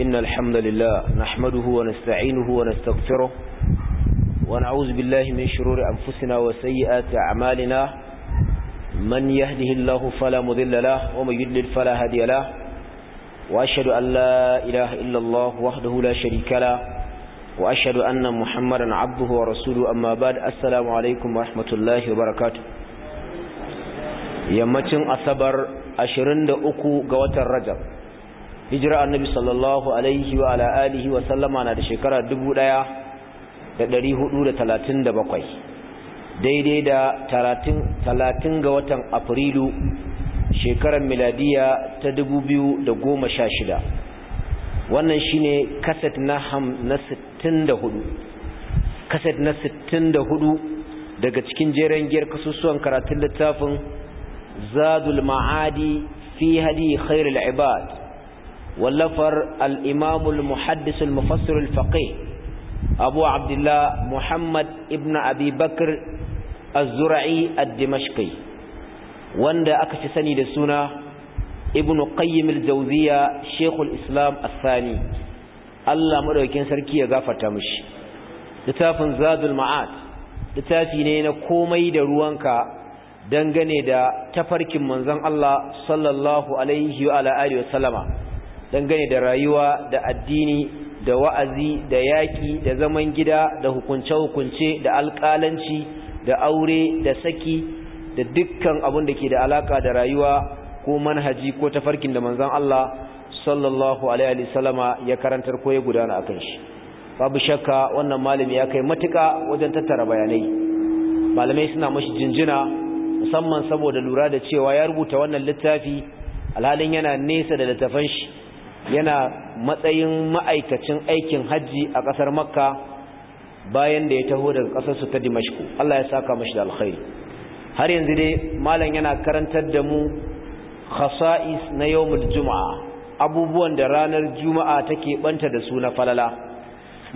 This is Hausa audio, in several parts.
إن الحمد لله نحمده ونستعينه ونستغفره ونعوذ بالله من شرور أنفسنا وسيئات أعمالنا من يهده الله فلا مذل له ومن يدلل فلا هدي له وأشهد أن لا إله إلا الله وحده لا شريك له وأشهد أن محمدا عبده ورسوله أما بعد السلام عليكم ورحمة الله وبركاته yammacin asabar 23 ga watan rajab hijira annabi sallallahu alaihi wa ala alihi wa sallama na da shekara 1437 daidai da 30 ga watan afrilu shekarar miladiya ta 2016 wannan shine kaset na ham na 64 kaset na 64 daga cikin jeren giyar kasusuwan karatun littafin zadul ma'adi fi hadi khairul ibad wallafar al'imamul muhaddisul mufassirul faƙe abu abdullah muhammad ibn abi bakr az-zura'i ad wanda aka ci sani da suna ibn qayyim al-jawziya islam as Allah madaukakin sarki ya gafarta mishi littafin zadul ma'ad littafi ne na komai da ruwanka dangane da tafarkin manzon Allah sallallahu alaihi wa alihi dangane da rayuwa da addini da wa'azi da yaƙi da zaman gida da hukunce-hukunce da alƙalanci da aure da saki da dukkan abin da ke da alaƙa da rayuwa ko manhaji ko tafarkin da manzan Allah sallallahu alaihi wasallama ya karantar ko ya gudana akan shi babu shakka wannan malami ya kai matuka wajen tattara bayanai malamai suna mashi jinjina musamman saboda lura da cewa ya rubuta wannan littafi alhalin yana nesa da littafan shi yana matsayin ma'aikacin aikin hajji a ƙasar makka bayan da ya taho daga ƙasarsu ta dimashku Allah ya saka mashi da alkhairi har yanzu dai malam yana karantar da mu khasa'is na yawmul juma'a abubuwan da ranar juma'a take banta da su na falala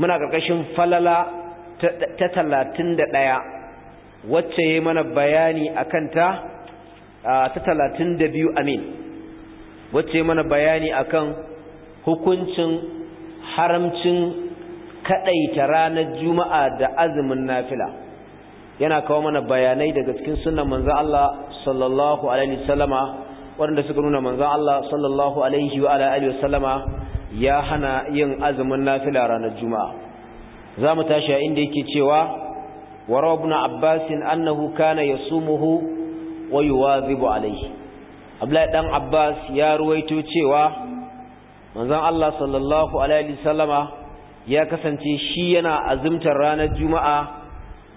muna ƙarƙashin falala ta talatin da ɗaya wacce ya mana bayani a kanta ta talatin da biyu amin wacce ya mana bayani akan hukuncin haramcin kadaita ranar juma'a da azumin nafila yana kawo mana bayanai daga cikin sunan manzon Allah sallallahu alaihi wasallama wanda suka nuna manzon Allah sallallahu alaihi wa alihi wasallama ya hana yin azumin nafila ranar juma'a zamu tashi inda yake cewa وروى abbas annahu Kana yasumuhu wa yuwazibu alaihi Abdullahi dan Abbas ya ruwaito cewa. manzon Allah sallallahu alaihi sallama ya kasance shi yana azumtar ranar juma'a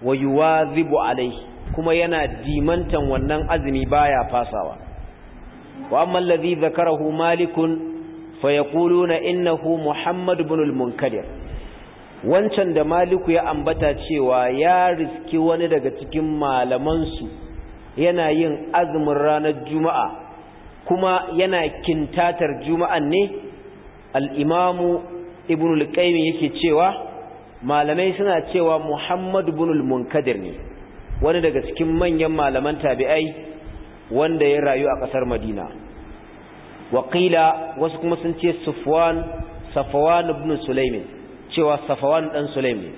wa yuwazibu alaihi kuma yana dimantan wannan azumi baya fasawa wa amma alladhi zakarahu malikun fayaquluna innahu muhammad ibn al-munkadir wancan da maliku ya ambata cewa ya riski wani daga cikin malamansu yana yin azumin ranar juma'a kuma yana kintatar juma'an ne al'imamu ibn al yake cewa malamai suna cewa muhammad ibn munkadir ne wani daga cikin manyan malaman tabi'ai wanda ya rayu a ƙasar madina waƙila wasu kuma sun ce sufwan safawan ibn sulaimin cewa safwan ɗan sulaimin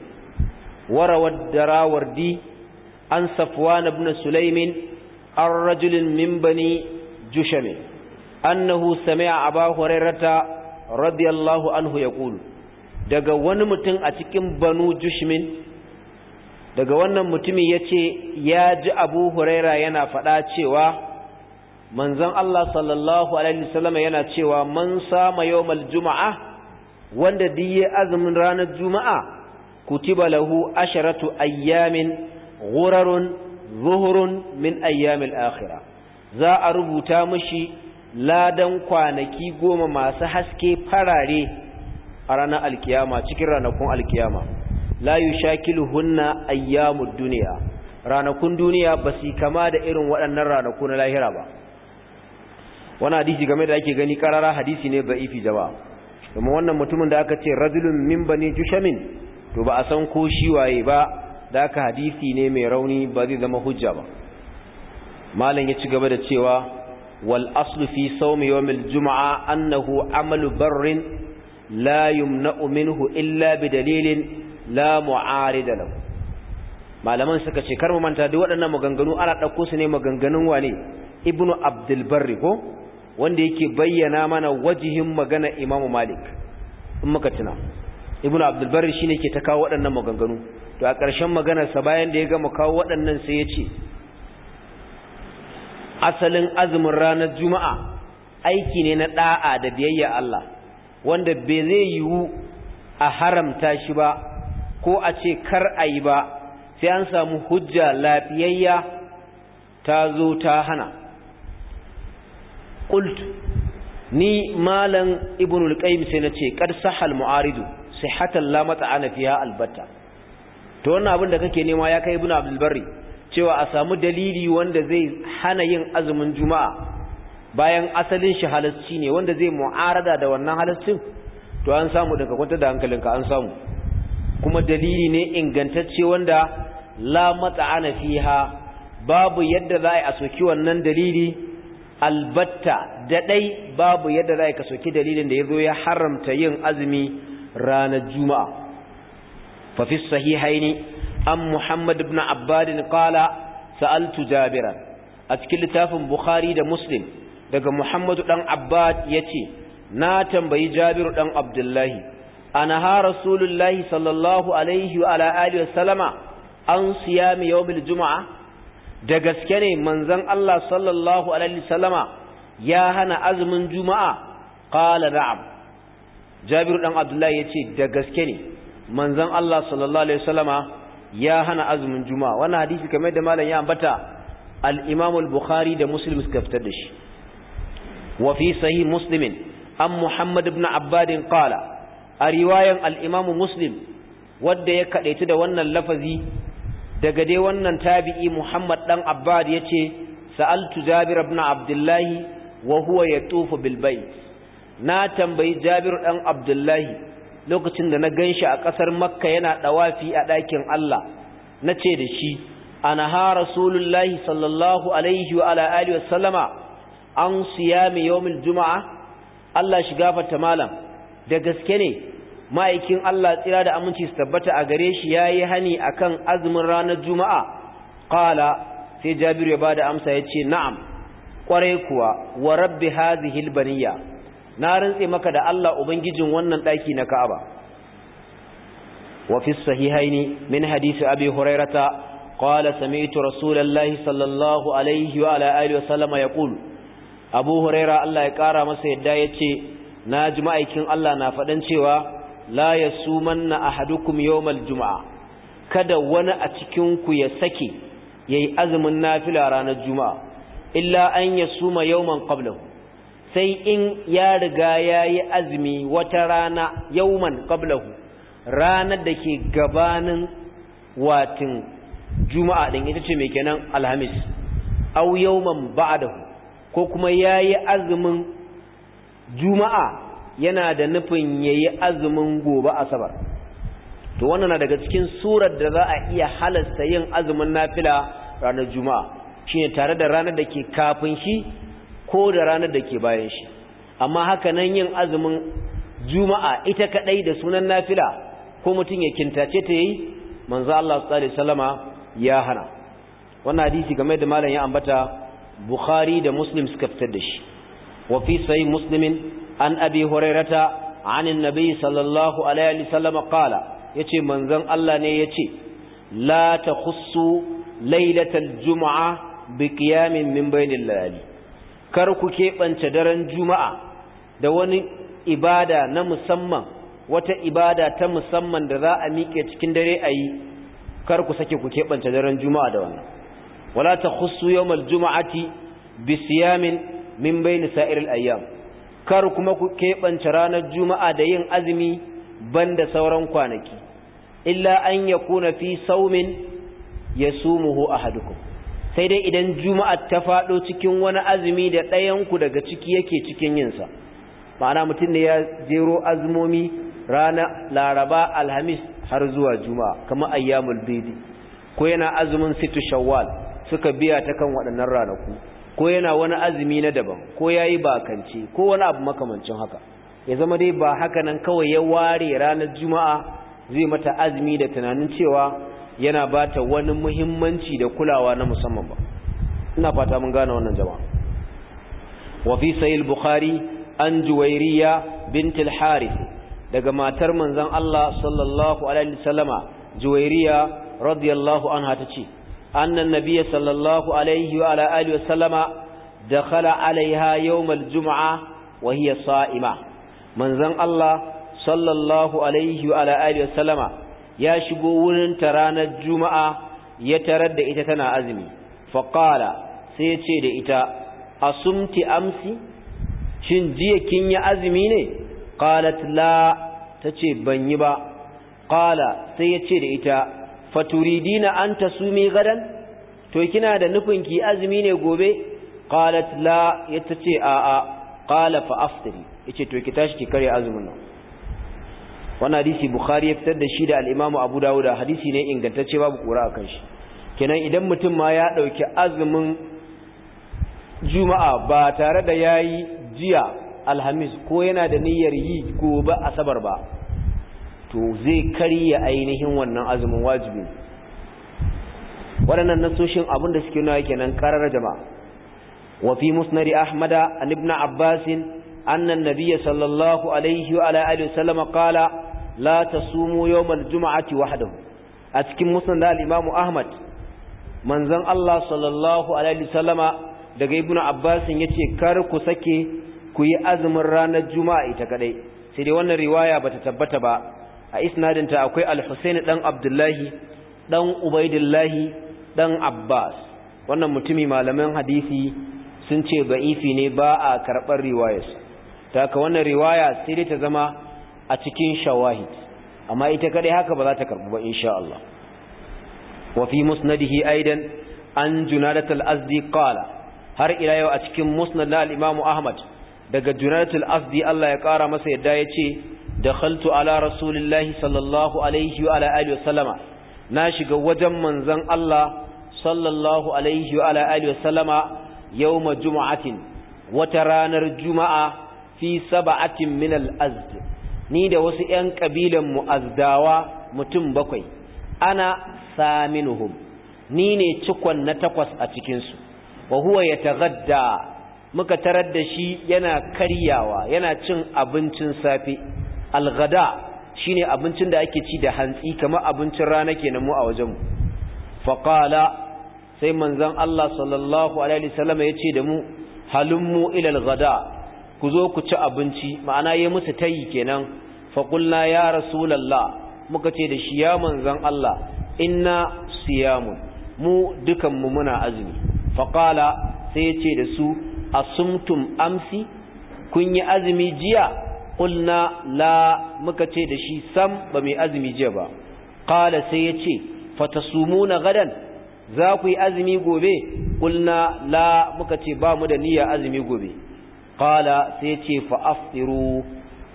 warawar di an safawan ibn sulaimin an rajulin min bani jushame annahu sami'a aba hurairata radiyallahu anhu ya ƙulu daga wani mutum a cikin banu jushmin daga wannan mutumin ya ce ya ji abu huraira yana faɗa cewa manzan Allah sallallahu alaihi wasallam yana cewa man sama yawmal juma'a wanda diye azumin ranar juma'a kutiba lahu asharatu ayyamin gurarun zuhurun min ayyamil akhira. za a rubuta mashi ladan kwanaki goma masu haske farare a ranar alkiyama cikin ranakun alkiyama la hunna Ayyamu, duniya ranakun duniya ba su kama da irin waɗannan ranaku na lahira ba wani hadisi game da ake gani karara hadisi ne ba ifi jaba kuma wannan mutumin da aka ce razulun min bani jushamin to ba a san ko shi waye ba da aka hadisi ne mai rauni ba zai zama hujja ba malam ya ci gaba da cewa wal aslu fi sawmi yawmil jumu'a annahu amalu barrin la na minhu illa bi dalilin la mu'arid lahu malaman suka ce kar mu manta duk waɗannan maganganu ana ɗauko su ne maganganun wane ibnu abdul barri ko wanda yake bayyana mana wajihin magana imamu malik in muka tuna ibnu abdul barri shine ke ta kawo waɗannan maganganu to a ƙarshen maganarsa bayan da ya gama kawo waɗannan sai ya ce asalin azumin ranar juma'a aiki ne na ɗa'a da biyayya Allah wanda bai zai yiwu a haramta shi ba ko a ce kar a yi ba sai an samu hujja lafiyayya ta zo ta hana ƙult ni malan ibn sai na ce kar sahal mu'aridu sihatan lamata ana fiya Albata, to wannan abin da kake nema ya kai ibn abdul cewa a samu dalili wanda zai hana yin azumin juma'a bayan asalin shi halasci ne wanda zai mu'arada da wannan halascin to an samu daga kwanta da hankalinka an samu kuma dalili ne ingantacce wanda la mata'ana fiha babu yadda za a soki wannan dalili albatta da ɗai babu yadda za ka soki dalilin da ya zo ya haramta yin azumi ranar juma'a fafis fi sahihaini an muhammad ibn abbadin qala sa'altu jabira a cikin littafin bukhari da muslim daga muhammadu dan abbad ce na tambayi jabiru dan abdullahi ana ha rasulullahi sallallahu alaihi wa alaali wa salama an siya siyami yawmil juma'a da gaske ne manzon Allah sallallahu alaihi wa sallama ya hana azumin juma'a qala na'am jabiru dan abdullahi ya ce da gaske ne manzon Allah sallallahu alaihi wa sallama ya hana azumin juma'a wannan hadisi kamar da malam ya ambata al-imam al-bukhari da muslim suka fitar da shi wa fi sahih an muhammad ibn abbad qala a riwayan al-imam muslim wanda ya kadaita da wannan lafazi daga dai wannan tabi'i muhammad dan abbad yace sa'altu jabir ibn abdullah wa huwa yatufu bil bayt na tambayi jabir dan abdullahi lokacin da na gan shi a ƙasar makka yana ɗawafi a ɗakin Allah na ce da shi ana ha rasulullahi sallallahu alaihi wa ala'ali wa sallama an siya mai yawon juma'a Allah shi gafata malam da gaske ne ma'aikin Allah tsira da aminci su tabbata a gare shi ya yi hani a kan azumin ranar juma'a ƙala sai jabiru ya ba da amsa ya ce na'am ƙwarai kuwa wa rabbi hazihil baniya na rantse maka da Allah ubangijin wannan ɗaki na Ka'aba wa fi sahihaini min hadisi abi hurairata qala sami'tu rasulallahi sallallahu alaihi wa ala alihi wa abu huraira Allah ya kara masa yadda ya ce, na ji ma'aikin Allah na faɗan cewa la na ahadukum yawmal juma'a? kada wani a cikin ku ya sake yayi azumin nafila ranar juma'a illa an ya yasuma yawman qablahu sai in ya riga ya yi azumi wata rana yauman qablahu ranar da ke gabanin watin juma'a din ita ce mai kenan alhamis au yauman ba'dahu ko kuma ya yi azumin juma'a yana da nufin yayi azumin gobe asabar to wannan na daga cikin surar da za a iya halasta yin azumin nafila ranar juma'a shine tare da ranar da ke kafin shi ko da ranar da ke bayan shi amma haka nan yin azumin juma'a ita kadai da sunan nafila ko mutum ya kintace ta yi manzo Allah sallallahu alaihi wasallama ya hana wannan hadisi game da malam ya ambata bukhari da muslim suka fitar da shi wa fi sahih muslimin an abi hurairata an annabi sallallahu alaihi wasallama qala yace manzon Allah ne yace la takhussu lailatal juma'a biqiyamin min bainil layali kar ku keɓance daren juma'a da wani ibada na musamman wata ibada ta musamman da za a miƙe cikin dare a yi kar ku sake ku keɓance daren juma'a da wannan wala ta khusu yawmal juma'ati bi siyamin min bayni sa'iril ayyam kar kuma ku keɓance ranar juma'a da yin azumi da sauran kwanaki illa an yakuna fi saumin yasumuhu ahadukum sai dai idan juma'a ta faɗo cikin wani azumi da ɗayanku daga ciki yake cikin yinsa ma'ana mutum ne ya jero azumomi rana laraba alhamis har zuwa juma'a kamar ayyamul bidi ko yana azumin situ shawwal suka biya ta kan waɗannan ranaku ko yana wani azumi na daban ko yayi bakance ko wani abu makamancin haka ya zama dai ba haka nan kawai ya ware ranar juma'a zai mata azumi da tunanin cewa yana ba ta wani muhimmanci da kulawa na musamman ba ina fata mun gane wannan jama'a wa fi sahih bukhari an juwairiya bint al-harith daga matar manzon Allah sallallahu alaihi wasallama juwairiya radiyallahu anha tace anna nabiyya sallallahu alaihi wa ala alihi wasallama dakhala alaiha yawm al-jum'a wa hiya sa'ima manzon Allah sallallahu alaihi wa ala alihi wasallama ya shigo wurin ta ranar juma'a ya tarar da ita tana azumi faqala sai ya ce da ita asumti amsi shin jiya kin yi azumi ne qalat la tace ban yi ba qala sai ya ce da ita faturidina an tasumi gadan to kina da nufin ki azumi ne gobe qalat la yace a a qala fa aftari yace to ki tashi ki kare azumin nan wannan hadisi bukhari ya fitar da shi da al-imamu abu dawuda hadisi ne ingantacce babu kura akan shi kenan idan mutum ma ya dauki azumin juma'a ba tare da yayi jiya alhamis ko yana da niyyar yi gobe asabar ba to zai karya ainihin wannan azumin wajibi waɗannan nasoshin abin da suke nuna kenan karar jama'a wa fi musnari ahmada an ibn abbasin annan nabiyya sallallahu alaihi wa alihi wasallam qala la tasumu yawmal juma'ati wahdahu a cikin musnad al-imamu ahmad manzon Allah sallallahu alaihi wasallama daga ibnu abbas yace kar ku sake ku yi azumin ranar juma'a ita kadai sai dai wannan riwaya bata tabbata ba a isnadinta akwai al-husaini dan abdullahi dan ubaidillahi dan abbas wannan mutumi malaman hadisi sun ce ba'ifi ne ba a karɓar riwayarsa ta ka wannan riwaya sai dai ta zama a cikin shawahid amma ita kadai haka ba za ta karbu ba insha Allah wa fi musnadihi aidan an junadat al-azdi qala har ila yau a cikin musnad na al-imam ahmad daga junadat al-azdi Allah ya kara masa yadda yace dakhaltu ala rasulillahi sallallahu alaihi wa ala alihi na shiga wajen manzon Allah sallallahu alaihi wa ala alihi wa sallama wata ranar juma'a fi sab'atin min al ni da wasu ‘yan ƙabilan mu'azdawa mutum bakwai ana saminuhum ni ne cikon na takwas a cikinsu wa huwa ya tagadda muka tarar da shi yana karyawa yana cin abincin safe algada shine abincin da ake ci da hantsi kamar abincin rana kenan mu a wajenmu Faƙala. sai manzon Allah sallallahu alaihi wasallam ce da mu halummu ilal-gada. ku zo ku ci abinci ma'ana yi musu tayi kenan faƙulla ya rasulallah muka ce da shi ya manzan Allah inna siyamun mu dukanmu muna azumi faƙala sai ce da su asumtum amsi kun yi azumi jiya ƙulna la muka ce da shi sam ba mai azumi jiya ba ƙala sai ya ce fatasumuna gadan za ku yi azumi gobe ƙulna la muka ce ba mu da niyya azumi gobe qala sai ce fa aftiru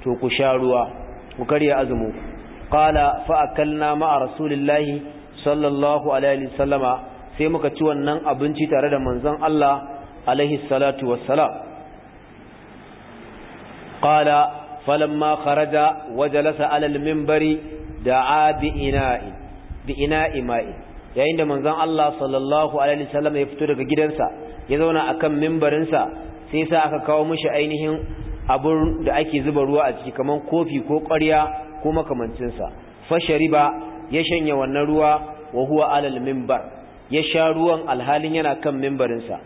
to ku sha ruwa ku karya azumu qala fa akalna ma'a rasulillahi sallallahu alaihi wasallama sai muka ci wannan abinci tare da manzon Allah alaihi salatu wassalam qala falamma kharaja wa jalasa ala al-minbari da'a bi ina'in bi ina'i ma'i yayin da manzon Allah sallallahu alaihi wasallam ya fito daga gidansa ya zauna akan mimbarinsa sai sa aka kawo mishi ainihin abun da ake zuba ruwa a ciki kaman kofi ko ƙwarya ko makamancinsa fashariba ya shanya wannan ruwa wa huwa alal mimbar. ya sha ruwan alhalin yana kan mimbarinsa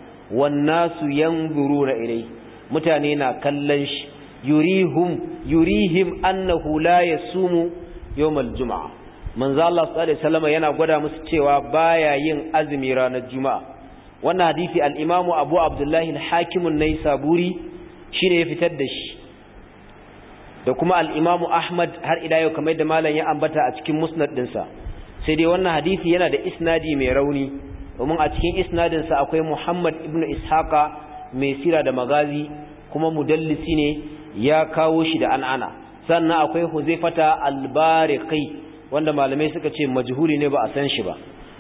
yanzuru na ilai mutane na kallon shi yurihum yurihim annahu la yasumu yawmal juma'a manzo Allah sallallahu alaihi wasallam yana gwada musu cewa baya yin azumi ranar juma'a wannan hadisi al-imamu abu abdullahi al-hakimun nai saburi shi ne ya fitar da shi da kuma al-imamu ahmad har ida yau kamar da malam ya ambata a cikin musnad dinsa sai dai wannan hadisi yana da isnadi mai rauni domin a cikin isnadin sa akwai muhammad ibnu ishaqa mai sira da magazi kuma mudallisi ne ya kawo shi da an'ana sannan akwai huzaifata al-bariqi wanda malamai suka ce majhuli ne ba a san shi ba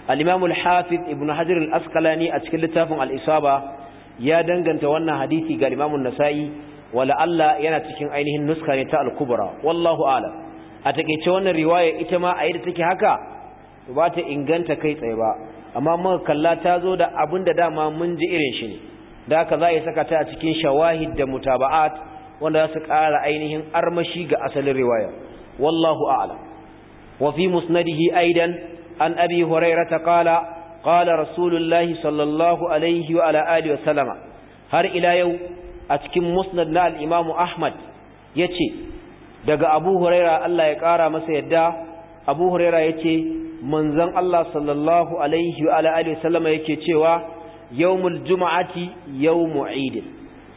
al-imam hafiz ibn hajar al a cikin littafin al-isaba ya danganta wannan hadisi ga al nasai wala alla yana cikin ainihin nuska ne ta al-kubra wallahu a'lam a takaice wannan riwaya ita ma a yadda take haka ba ta inganta kai tsaye ba amma muka kalla ta zo da abin da dama mun ji irin shi ne da haka za a yi saka ta a cikin shawahid da mutaba'at wanda za su ƙara ainihin armashi ga asalin riwaya wallahu a'lam wa fi musnadihi aidan عن أبي هريرة قال قال رسول الله صلى الله عليه وعلى آله وسلم هر إلى يوم أتكم مسندنا الإمام أحمد يتي دقى أبو هريرة الله يقارى مسيدا أبو هريرة يتي منزن الله صلى الله عليه وعلى آله وسلم يتي تيوا يوم الجمعة يوم عيد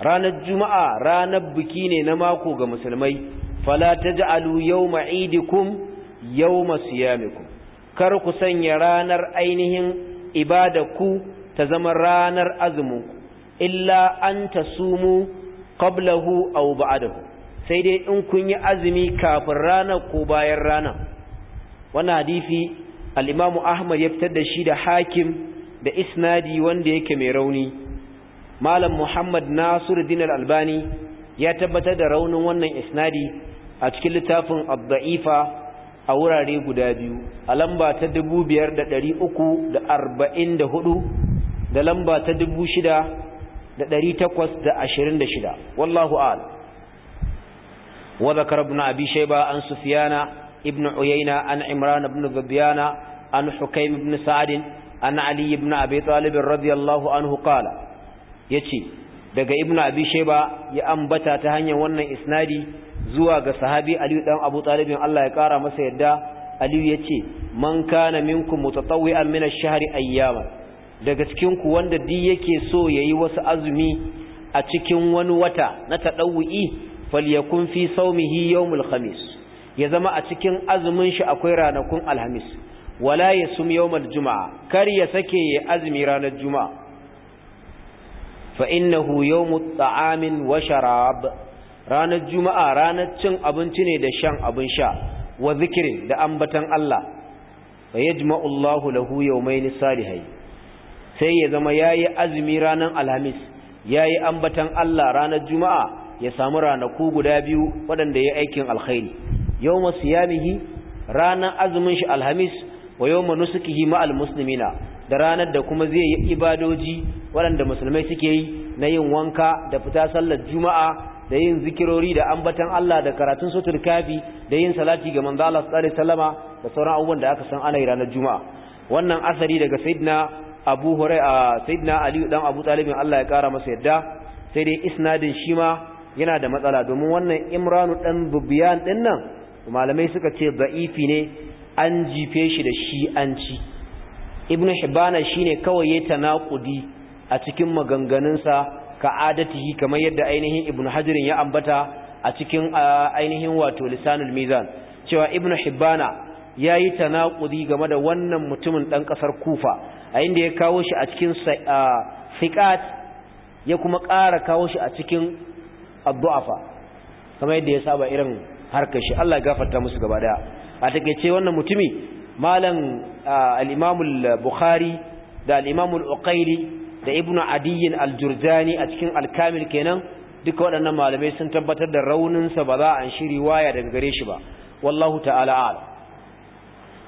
ranar juma'a ranar biki ne na mako ga musulmai fala taj'alu yawma idikum yawma siyamikum kar ku sanya ranar ainihin ibada ku ta zama ranar azumin ku. illa an ta tasumu qablahu aw ba'dahu sai dai in kun yi azumi kafin ranar ko bayan ranar wannan hadisi al-Imam Ahmad ya fitar da shi da Hakim da isnadi wanda yake mai rauni malam Muhammad Nasiruddin Al-Albani ya tabbatar da raunin wannan isnadi a cikin littafin Ad-Da'ifa a wurare guda biyu a lamba ta 5344 da lamba ta 6826 wallahu a'al wa zakar ibn abi shayba an sufyana ibn uyayna an imran ibn zabiyana an hukaym ibn Sa'adin, an ali ibn abi talib radiyallahu anhu Ya ce, daga ibn abi shayba ya ambata ta hanyar wannan isnadi zuwa ga sahabi aliyu dan abu ɗalibin Allah ya kara masa yadda aliyu ya ce man kana minkum mutatawwi'an min ash shahr ayyama daga cikin ku wanda di yake so yayi wasu azumi a cikin wani wata na tadawwi falyakun fi sawmihi yawmul khamis ya zama a cikin azumin shi akwai ranakun alhamis wala yasum yawmal juma'a kar ya sake ya azumi ranar juma'a fa innahu yawmut ta'amin wa sharab ranar juma'a ranar cin abinci ne da shan abin sha wa zikirin da ambatan Allah fa yajma'u Allahu lahu yawmayn salihai sai ya zama yayi azumi ranar alhamis yayi ambatan Allah ranar juma'a ya samu ranaku guda biyu waɗanda ya aikin alkhairi yawma siyamihi ranar azumin shi alhamis wa yawma nusukihi ma'al muslimina da ranar da kuma zai yi ibadoji waɗanda musulmai suke yi na yin wanka da fita sallar juma'a da yin zikirori da ambatan Allah da karatun sutur kafi da yin salati ga manzo Allah sallallahu alaihi wasallama da sauran abubuwan da aka san ana yi ranar juma'a wannan asari daga sayyidina Abu Hurairah sayyidina Ali dan Abu Talib Allah ya kara masa yadda sai dai isnadin shi ma yana da matsala domin wannan Imran dan Bubiyan din nan malamai suka ce da'ifi ne an jife shi da shi an ci Ibn Hibban shine kawai ya tanakudi a cikin maganganunsa Ka adatihi kamar yadda ainihin Ibn hajirin ya ambata a cikin ainihin wato lisanul mizan cewa ibnu hibbana yayi tanakudi game da wannan mutumin ɗan ƙasar kufa a inda ya kawo shi a cikin fiqat ya kuma ƙara kawo shi a cikin abdu'afa kamar yadda ya saba irin harkar shi Allah ya gafarta musu gaba daya a takaice wannan mutumi malam al bukhari da al-imam da ibnu adiyin aljurjani a cikin al kenan duka waɗannan malamai sun tabbatar da rauninsa ba za a shiri waya daga gare shi ba wallahu ta'ala ala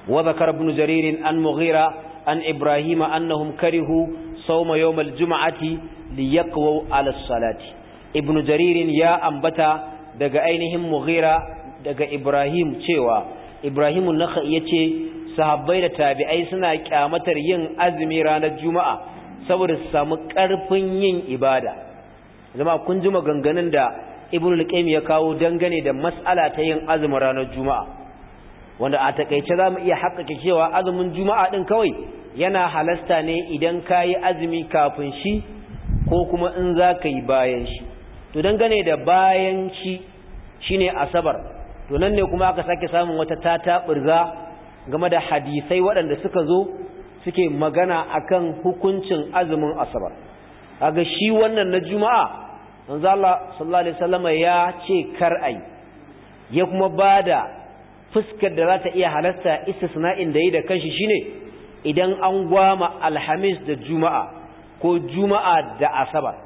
wa zakar ibn jarir an mughira an ibrahima annahum karihu sawma yawm al-jum'ati liyaqwa ala salati ibn jarir ya ambata daga ainihin mughira daga ibrahim cewa ibrahim an-nakhai yace sahabbai da tabi'ai suna kyamatar yin azumi ranar juma'a saboda su samu ƙarfin yin ibada zama kun ji maganganun da ibn al ya kawo dangane da mas'ala ta yin azumin ranar juma'a wanda a takeice za mu iya haƙƙaƙe cewa azumin juma'a din kawai yana halasta ne idan kayi azumi kafin shi ko kuma in za ka yi bayan shi to dangane da bayan shi shine asabar to nan ne kuma aka sake samun wata tata birza game da hadisai waɗanda suka zo suke magana akan hukuncin azumin asabar kaga shi wannan na juma'a manzo Allah sallallahu alaihi wasallama ya ce kar ai ya kuma ba da fuskar da zata ta iya halarta istisna'in da yi da kanshi shine idan an gwama alhamis da juma'a ko juma'a da asabar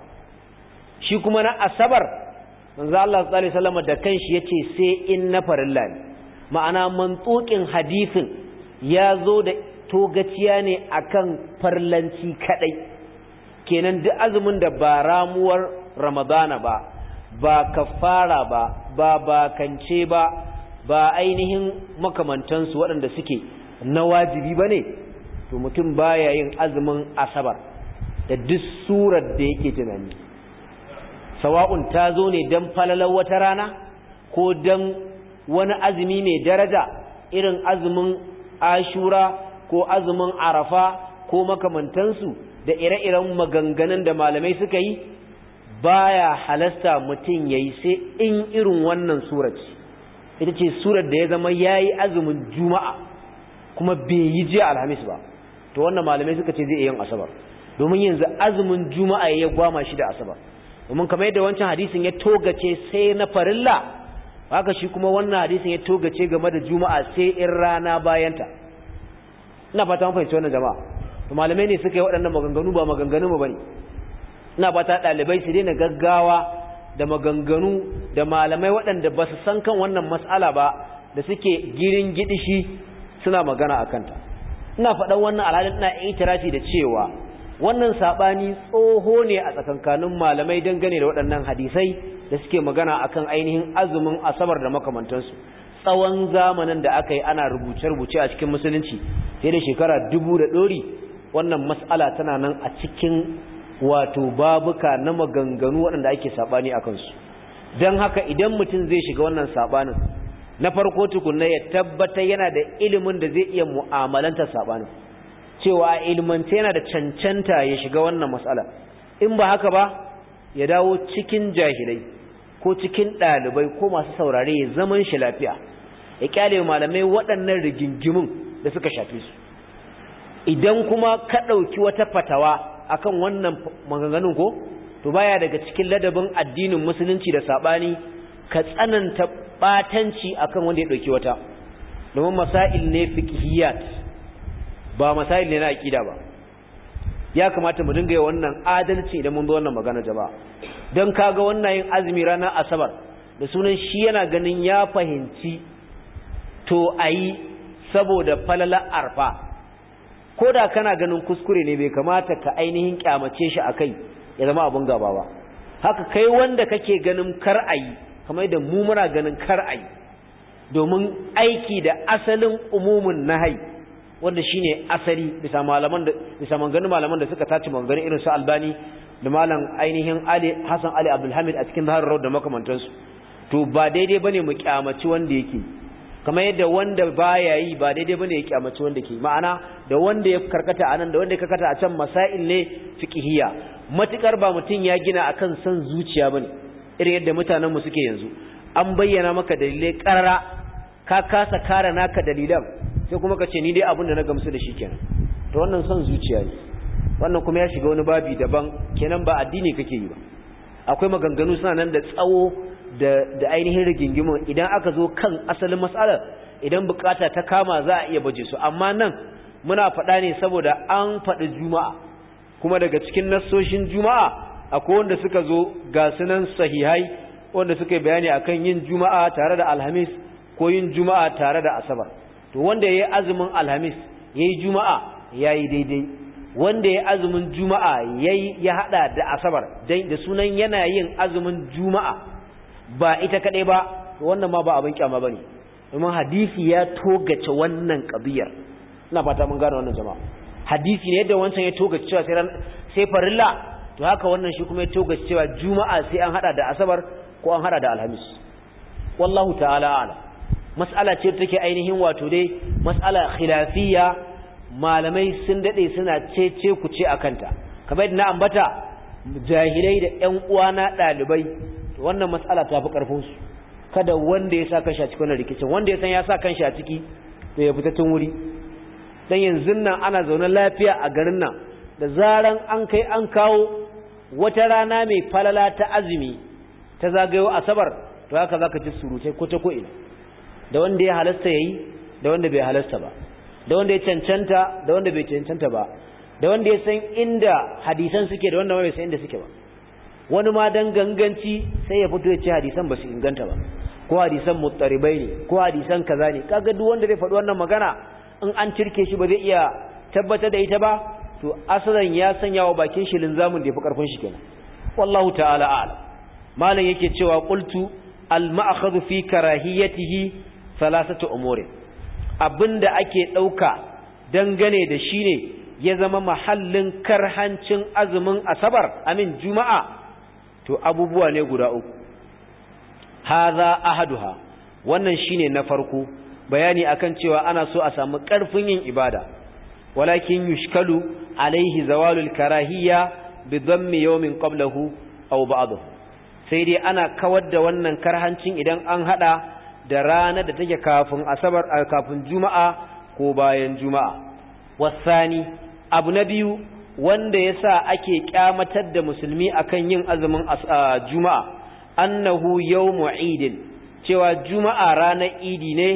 shi kuma na asabar manzo Allah sallallahu alaihi wasallama da kanshi yace sai in na farin ma'ana mantukin hadifin ya zo da gaciya ne akan farlanci kaɗai kenan duk azumin da ba ramuwar ramadana ba ba kafara ba ba bakance ba ba ainihin makamantansu waɗanda suke na wajibi ba ne to mutum baya yin azumin asabar da duk surar da yake tunani sawa'un ta zo ne don falalar wata rana ko don wani azumi mai daraja irin azumin ashura ko azumin arafa ko makamantansu da ire-iren maganganun da malamai suka yi baya halasta mutum ya yi sai in irin wannan surar ita ce surar da ya zama ya yi azumin juma'a kuma bai yi jiya alhamis ba to wannan malamai suka ce zai iya yin asabar domin yanzu azumin juma'a ya gwama shi da asabar domin kamar yadda wancan hadisin ya togace sai na farilla haka shi kuma wannan hadisin ya togace game da juma'a sai in rana bayanta ina fata mun fahimci wannan jama'a to malamai ne suka yi waɗannan maganganu ba maganganu mu bane ina fata ɗalibai su daina gaggawa da maganganu da malamai waɗanda ba su san kan wannan matsala ba da suke girin gidishi suna magana a kanta ina faɗan wannan alhalin ina itirafi da cewa wannan saɓani tsoho ne a tsakankanin malamai dangane da waɗannan hadisai da suke magana akan ainihin azumin asabar da makamantansu tsawon zamanin da aka yi ana rubuce-rubuce a cikin musulunci sai da shekara dubu da ɗori wannan matsala tana nan a cikin wato babuka na maganganu waɗanda ake saɓani a kansu don haka idan mutum zai shiga wannan saɓanin na farko tukunna ya tabbatar yana da ilimin da zai iya mu'amalanta saɓanin cewa a ilimanta yana da cancanta ya shiga wannan matsala in ba haka ba ya dawo cikin jahilai ko cikin ɗalibai ko masu saurare ya zaman shi lafiya ya kyale malamai waɗannan rigingimun da suka shafe su idan kuma ka ɗauki wata fatawa akan wannan maganganun ko to baya daga cikin ladabin addinin musulunci da saɓani ka tsananta ɓatanci akan wanda ya ɗauki wata domin masail ne fikiyat ba masail ne na aƙida ba ya kamata mu dinga yi wannan adalci idan mun bi wannan magana jama'a don kaga wannan yin azumi ranar asabar da sunan shi yana ganin ya fahimci to ayi saboda falala arfa ko da kana ganin kuskure ne bai kamata ka ainihin kyamace shi a kai ya zama abin gaba ba haka kai wanda kake ganin kar a yi kamar da mu muna ganin kar a yi domin aiki da asalin umumin hai wanda shine asali bisa malaman da bisa manganin malaman da suka tace manganin irin su Albani da malam ainihin Ali Hassan Ali Abdul Hamid a cikin Zahararau da makamantansu to ba daidai bane mu kyamaci wanda yake kamar yadda wanda ba ya yi ba daidai bane ya kyamaci wanda ke ma'ana da wanda ya karkata anan da wanda ya karkata a can masail ne fiqhiyya matukar ba mutum ya gina a kan san zuciya bane irin yadda mutanen mu suke yanzu an bayyana maka dalilai karara ka kasa kare naka dalilan sai kuma ka ce ni dai abin da na gamsu da shi kenan to wannan son zuciya ne wannan kuma ya shiga wani babi daban kenan ba addini kake yi ba akwai maganganu suna nan da tsawo da ainihin rigingimu idan aka zo kan asalin matsalar idan bukata ta kama za a iya baje su amma nan muna faɗa ne saboda an faɗi juma'a kuma daga cikin nassoshin juma'a akwai wanda suka zo ga sunan sahihai wanda suka bayani akan yin juma'a tare da alhamis ko yin juma'a tare da asabar to wanda ya yi azumin alhamis ya yi juma'a ya yi daidai wanda ya yi azumin juma'a ya haɗa da asabar da sunan yana yin azumin juma'a ba ita kaɗai ba wannan ma ba abin kyama ba ne hadisi ya togace wannan ƙabiyar ina fata mun gane wannan jama'a hadisi ne yadda wancan ya togace cewa sai farilla to haka wannan shi kuma ya togace cewa juma'a sai an hada da asabar ko an hada da alhamis wallahu ta'ala ala mas'ala ce take ainihin wato dai mas'ala khilafiyya malamai sun dade suna cece ku ce akanta kamar yadda na ambata jahilai da ƴan na ɗalibai wannan matsala ta fi ƙarfinsu kada wanda ya sa kanshi a cikin wannan rikicin wanda ya san ya sa kanshi a ciki to ya fitattun wuri dan yanzu nan ana zaune lafiya a garin nan da zaran an kai an kawo wata rana mai falala ta azumi ta zagayo asabar to haka zaka ci surutai ko ta ko'ina. da wanda ya halasta yayi da wanda bai halasta ba da wanda ya cancanta da wanda bai cancanta ba da wanda ya san inda hadisan suke da wanda bai san inda suke ba wani ma dan ganganci sai ya fito ya ce hadisan ba su inganta ba ko hadisan muttaribai ne ko hadisan kaza ne kaga duk wanda zai faɗi wannan magana in an cirke shi ba zai iya tabbatar da ita ba to asalan ya sanya wa bakin shi linzamin da ya fi karfin shi kenan wallahu ta'ala a'lam malam yake cewa qultu al ma'khadhu fi karahiyatihi thalathatu umurin abinda ake dauka dangane da shine ya zama mahallin karhancin azumin asabar amin juma'a to abubuwa ne guda uku haza ahaduha wannan shine na farko bayani akan cewa ana so a samu karfin yin ibada walakin yushkalu alaihi zawalul karahiyya bi dhammi yawmin qablahu aw ba'dahu sai dai ana kawar da wannan karhancin idan an hada da ranar da take kafin asabar kafin juma'a ko bayan juma'a wasani abu na biyu wanda ya sa ake kyamatar da musulmi akan yin azumin juma'a annahu yau mu'idin cewa juma'a ranar idi ne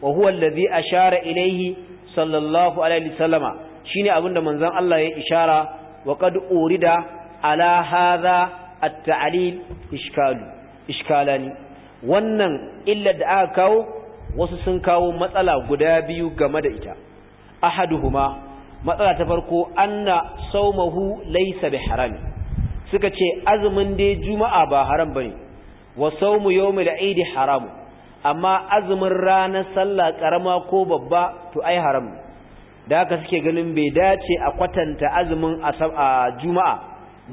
wa huwa allazi ashara ilaihi sallallahu alaihi wasallama shine abinda manzon Allah ya ishara wa qad urida ala hadha at-ta'lil ishkalu ishkalani wannan illa da aka kawo wasu sun kawo matsala guda biyu game da ita ahaduhuma matsala ta farko an na saumahu laysa bi haram suka ce azumin dai juma'a ba haram bane wa saumu yawmil eid haram amma azumin ranar sallah karama ko babba to ai haram da haka suke ganin bai dace a kwatanta azumin a juma'a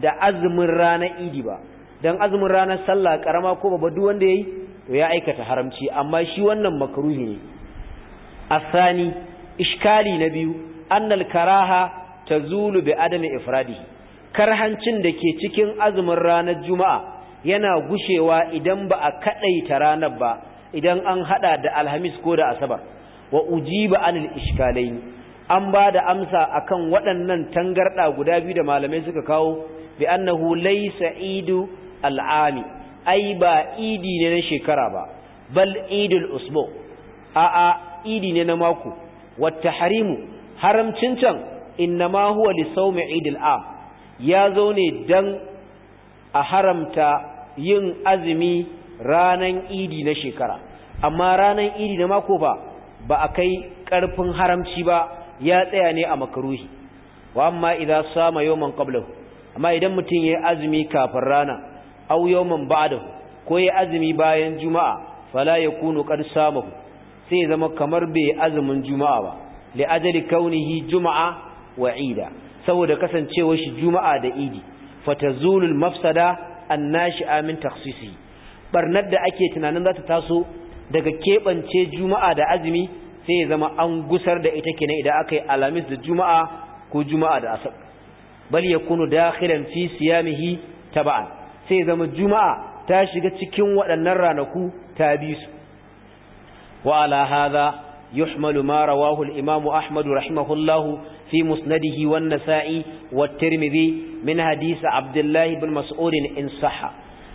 da azumin ranar idi ba dan azumin ranar sallah karama ko babba duk wanda yayi to ya aikata haramci amma shi wannan makruhi ne asani iskali na biyu annal karaha tazulu bi adami ifradi karhancin da ke cikin azumin ranar juma'a yana gushewa idan ba a kadaita ranar ba idan an hada da alhamis ko da asabar wa ujiba anil ishkalaini an ba da amsa akan waɗannan tangarda guda biyu da malamai suka kawo bi annahu laysa idu al'ami ai ba idi ne na shekara ba bal idul usbu a'a idi ne na mako wata harimu haramcin can innama huwa li sawmi idil am ya zo ne dan a haramta yin azumi ranan idi na shekara amma ranan idi na mako ba ba a kai karfin haramci ba ya tsaya ne a makaruhi wa amma idza sama yawman qablahu amma idan mutum yayi azumi kafin rana aw yawman ba'dahu ko yayi azumi bayan juma'a fala yakunu qad samahu sai zama kamar bai azumin juma'a ba li'ajali kaunihi juma'a wa ida saboda kasancewar shi juma'a da idi fatazulul mafsada annashi min takhsisi barnar da ake tunanin za ta taso daga keɓance juma'a da azumi sai ya zama an gusar da ita kenan idan aka yi alamis da juma'a ko juma'a da asab bal yakunu dakhilan fi siyamihi taba'an sai ya zama juma'a ta shiga cikin waɗannan ranaku ta bisu. wa ala hadha يحمل ما رواه الإمام أحمد رحمه الله في مسنده والنسائي والترمذي من حديث عبد الله بن مسعود إن صح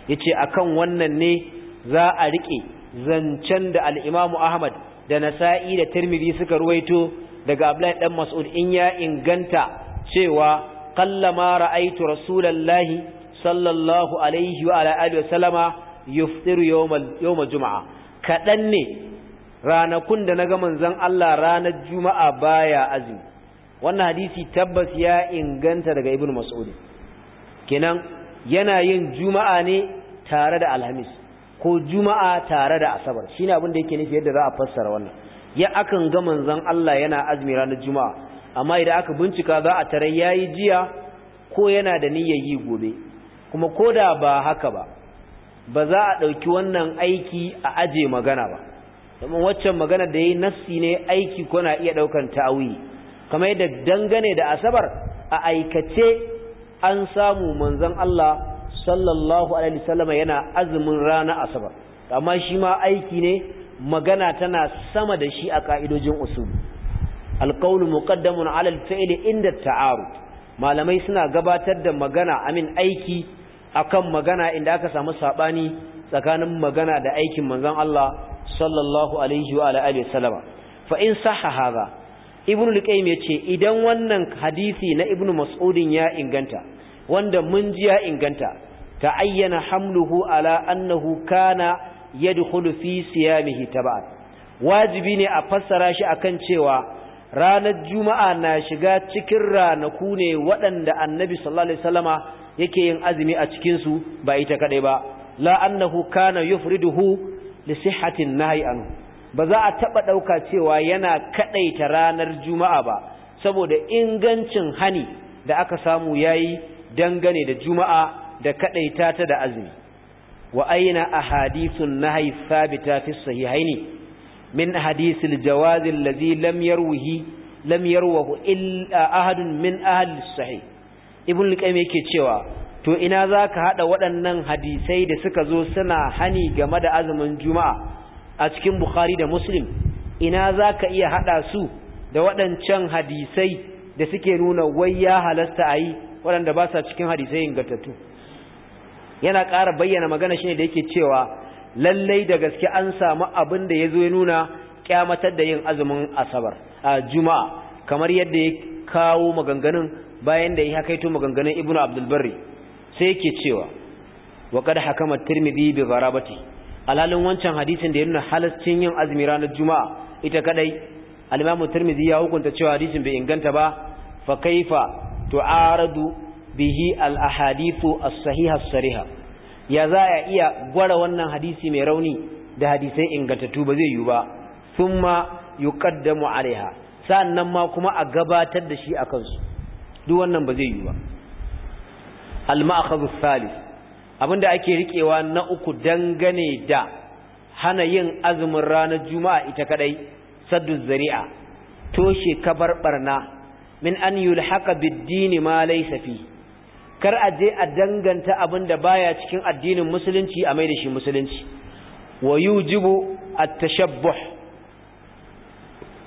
يتي أكن ونن ني ذا أريكي زنچن دا الإمام أحمد دا نسائي دا ترمذي سكا رويتو دا عبد الله بن مسعود إن يا إن غنتا سوى قل ما رأيت رسول الله صلى الله عليه وعلى آله وسلم يفطر يوم, يوم الجمعة كأني ranakun da na naga manzon Allah ranar juma'a baya azumi wannan hadisi tabbas ya inganta daga ibnu mas'ud kenan yana yin juma'a ne tare da alhamis ko juma'a tare da asabar shine abin da yake nufi yadda za a fassara wannan ya akan ga manzon Allah yana azumi ranar juma'a amma idan aka bincika za a tare yayi jiya ko yana da niyyar yi gobe kuma koda ba haka ba ba za a ɗauki wannan aiki a aje magana ba domin waccan magana da yayi nassi ne aiki ko na iya daukan ta'awi kamar yadda dangane da asabar a aikace an samu manzon Allah sallallahu alaihi wasallama yana azumin rana asabar amma shi ma aiki ne magana tana sama da shi a ka'idojin usul alqawlu muqaddamun ala alfi'li inda ta'arud malamai suna gabatar da magana amin aiki akan magana inda aka samu sabani tsakanin magana da aikin manzon Allah sallallahu alaihi wa alihi wasallama fa in sahha hadha ibn al-qayyim yace idan wannan hadisi na ibn mas'udin ya inganta wanda mun ji ya inganta ta ayyana hamluhu ala annahu kana yadkhulu fi siyamihi tab'an wajibi ne a fassara shi akan cewa ranar juma'a na shiga cikin ranaku ne waɗanda annabi sallallahu alaihi wasallama yake yin azumi a cikin su ba ita kadai ba la annahu kana yufriduhu li sihhatin nahyi anhu ba za a taba dauka cewa yana kadaita ranar juma'a ba saboda ingancin hani da aka samu yayi dangane da juma'a da kadaita ta da azumi wa aina ahadithun nahyi sabita fi sahihaini min hadithil jawaz allazi lam yarwihi lam yarwahu illa ahadun min ahli sahih ibn al-qayyim yake cewa to ina za ka haɗa waɗannan hadisai da suka zo suna hani game da azumin juma'a a cikin bukhari da muslim ina za ka iya haɗa su da waɗancan hadisai da suke nuna wai ya halasta a yi waɗanda ba sa cikin hadisai ingantattu yana ƙara bayyana magana shine da yake cewa lallai da gaske an samu abin da ya zo ya nuna kyamatar da yin azumin asabar a juma'a kamar yadda ya kawo maganganun bayan da ya kaito maganganun ibnu abdul sai ke cewa wa qad hakama tirmidhi bi gharabati alhalin wancan hadisin da ya nuna halascin yin azumi ranar juma'a ita kadai al-imamu tirmidhi ya hukunta cewa hadisin bai inganta ba fa kaifa tu'aradu bihi al-ahadithu as-sahiha as-sariha ya za ya iya gwara wannan hadisi mai rauni da hadisai ingantattu ba zai yiwu ba thumma yuqaddamu alaiha sannan ma kuma a gabatar da shi a kansu duk wannan ba zai yiwu ba al-ma'khadh abin thalith abinda ake rikewa na uku dangane da hana yin azumin ranar juma'a ita kadai saddu zari'a toshe kabar barna min an yulhaqa bid-din ma laysa fi kar a je a danganta abinda baya cikin addinin musulunci a mai da shi musulunci wa yujibu at-tashabbuh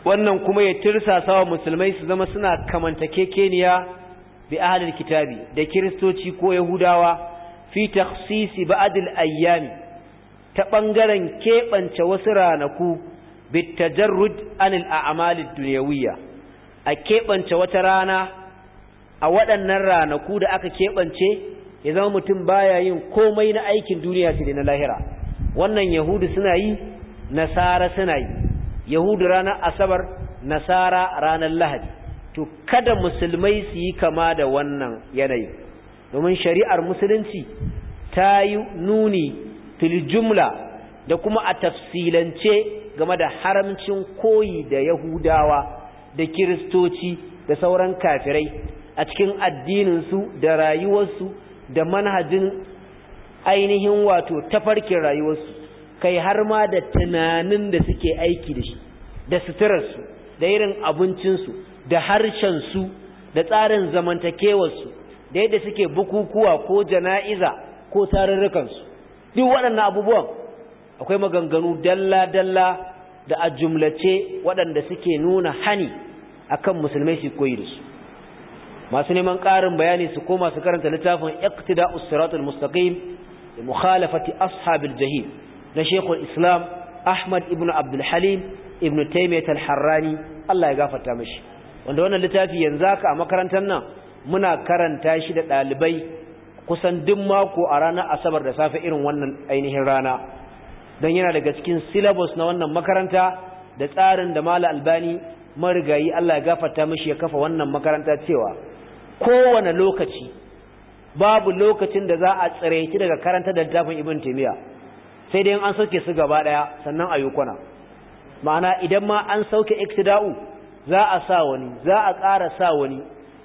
wannan kuma ya tirsasa wa musulmai su zama suna kamantakekeniya bi ahlil kitabi da kiristoci ko yahudawa fi takhsisi ba'd ayyami ta bangaren kebance wasu ranaku bit tajarrud anil a'mal ad-dunyawiyya a kebance wata rana a waɗannan ranaku da aka kebance ya zama mutum baya yin komai na aikin duniya sai na lahira wannan yahudu suna yi nasara suna yi yahudu ranar asabar nasara ranar lahadi to kada musulmai su yi kama da wannan yanayin domin shari'ar musulunci ta yi nuni fil da kuma a tafsilance game da haramcin koyi da yahudawa da kiristoci da sauran kafirai a cikin addininsu da rayuwarsu da manhajin ainihin wato tafarkin rayuwarsu kai har ma da tunanin da suke aiki da shi da suturarsu da irin abincinsu da harshen su da tsarin zamantakewarsu da yadda suke bukukuwa ko jana'iza ko tarurrukansu duk waɗannan abubuwan akwai maganganu dalla-dalla da a jumlace waɗanda suke nuna hani akan musulmai su koyi da su masu neman ƙarin bayani su koma su karanta littafin iktida usratul mustaqim da mukhalafati ashabil jahim na shekul islam ahmad ibn abdul halim ibn taymiyyah al-harrani Allah ya gafarta mashi wanda wannan littafi yanzu haka a makarantar nan muna karanta shi da ɗalibai kusan duk mako a ranar asabar da safe irin wannan ainihin rana don yana daga cikin syllabus na wannan makaranta da tsarin da mala albani marigayi Allah ya gafarta mishi ya kafa wannan makaranta cewa kowane lokaci babu lokacin da za a tsiraici daga karanta da littafin ibn taymiya sai dai an sauke su gaba daya sannan ayyukuna ma'ana idan ma an sauke iktida'u za a sa wani za a ƙara sa wani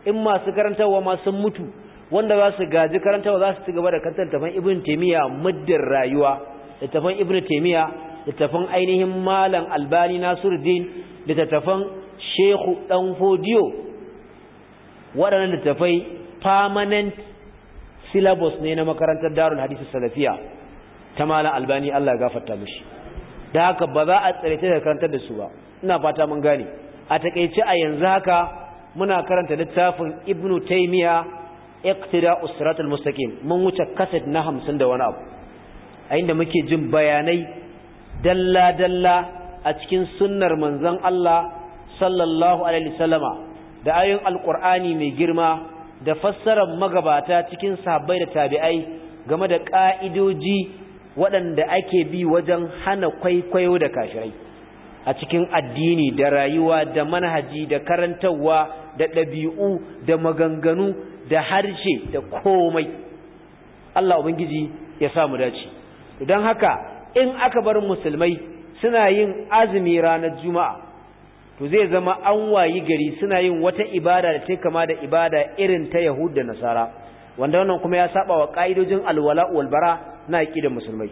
in masu karantarwa ma sun mutu wanda za su gaji karantarwa za su ci gaba da kantar tafan ibn taimiyya muddin rayuwa da tafan ibn taimiyya da tafan ainihin malam albani nasiruddin da tafan shehu dan fodiyo waɗannan littattafai permanent syllabus ne na makarantar darul hadisi salafiya ta malam albani Allah ya gafarta mishi da haka ba za a tsare ta karantar da su ba ina fata mun gane a takaice a yanzu haka muna karanta littafin ibnu taimiya iktida usratul mustaqim mun wuce kaset na hamsin da wani abu a inda muke jin bayanai dalla dalla a cikin sunnar manzon Allah sallallahu alaihi wasallama da ayoyin alqur'ani mai girma da fassarar magabata cikin sahabbai da tabi'ai game da ka'idoji waɗanda ake bi wajen hana kwaikwayo da kashirai a cikin addini da rayuwa da manhaji da karantarwa da ɗabi'u da maganganu da harshe da komai Allah ubangiji ya samu dace don haka in aka bar musulmai suna yin azumi ranar juma'a to zai zama an wayi gari suna yin wata ibada da ta kama da ibada irin ta yahud da nasara wanda wannan kuma ya saba wa ka'idojin alwala walbara na da musulmai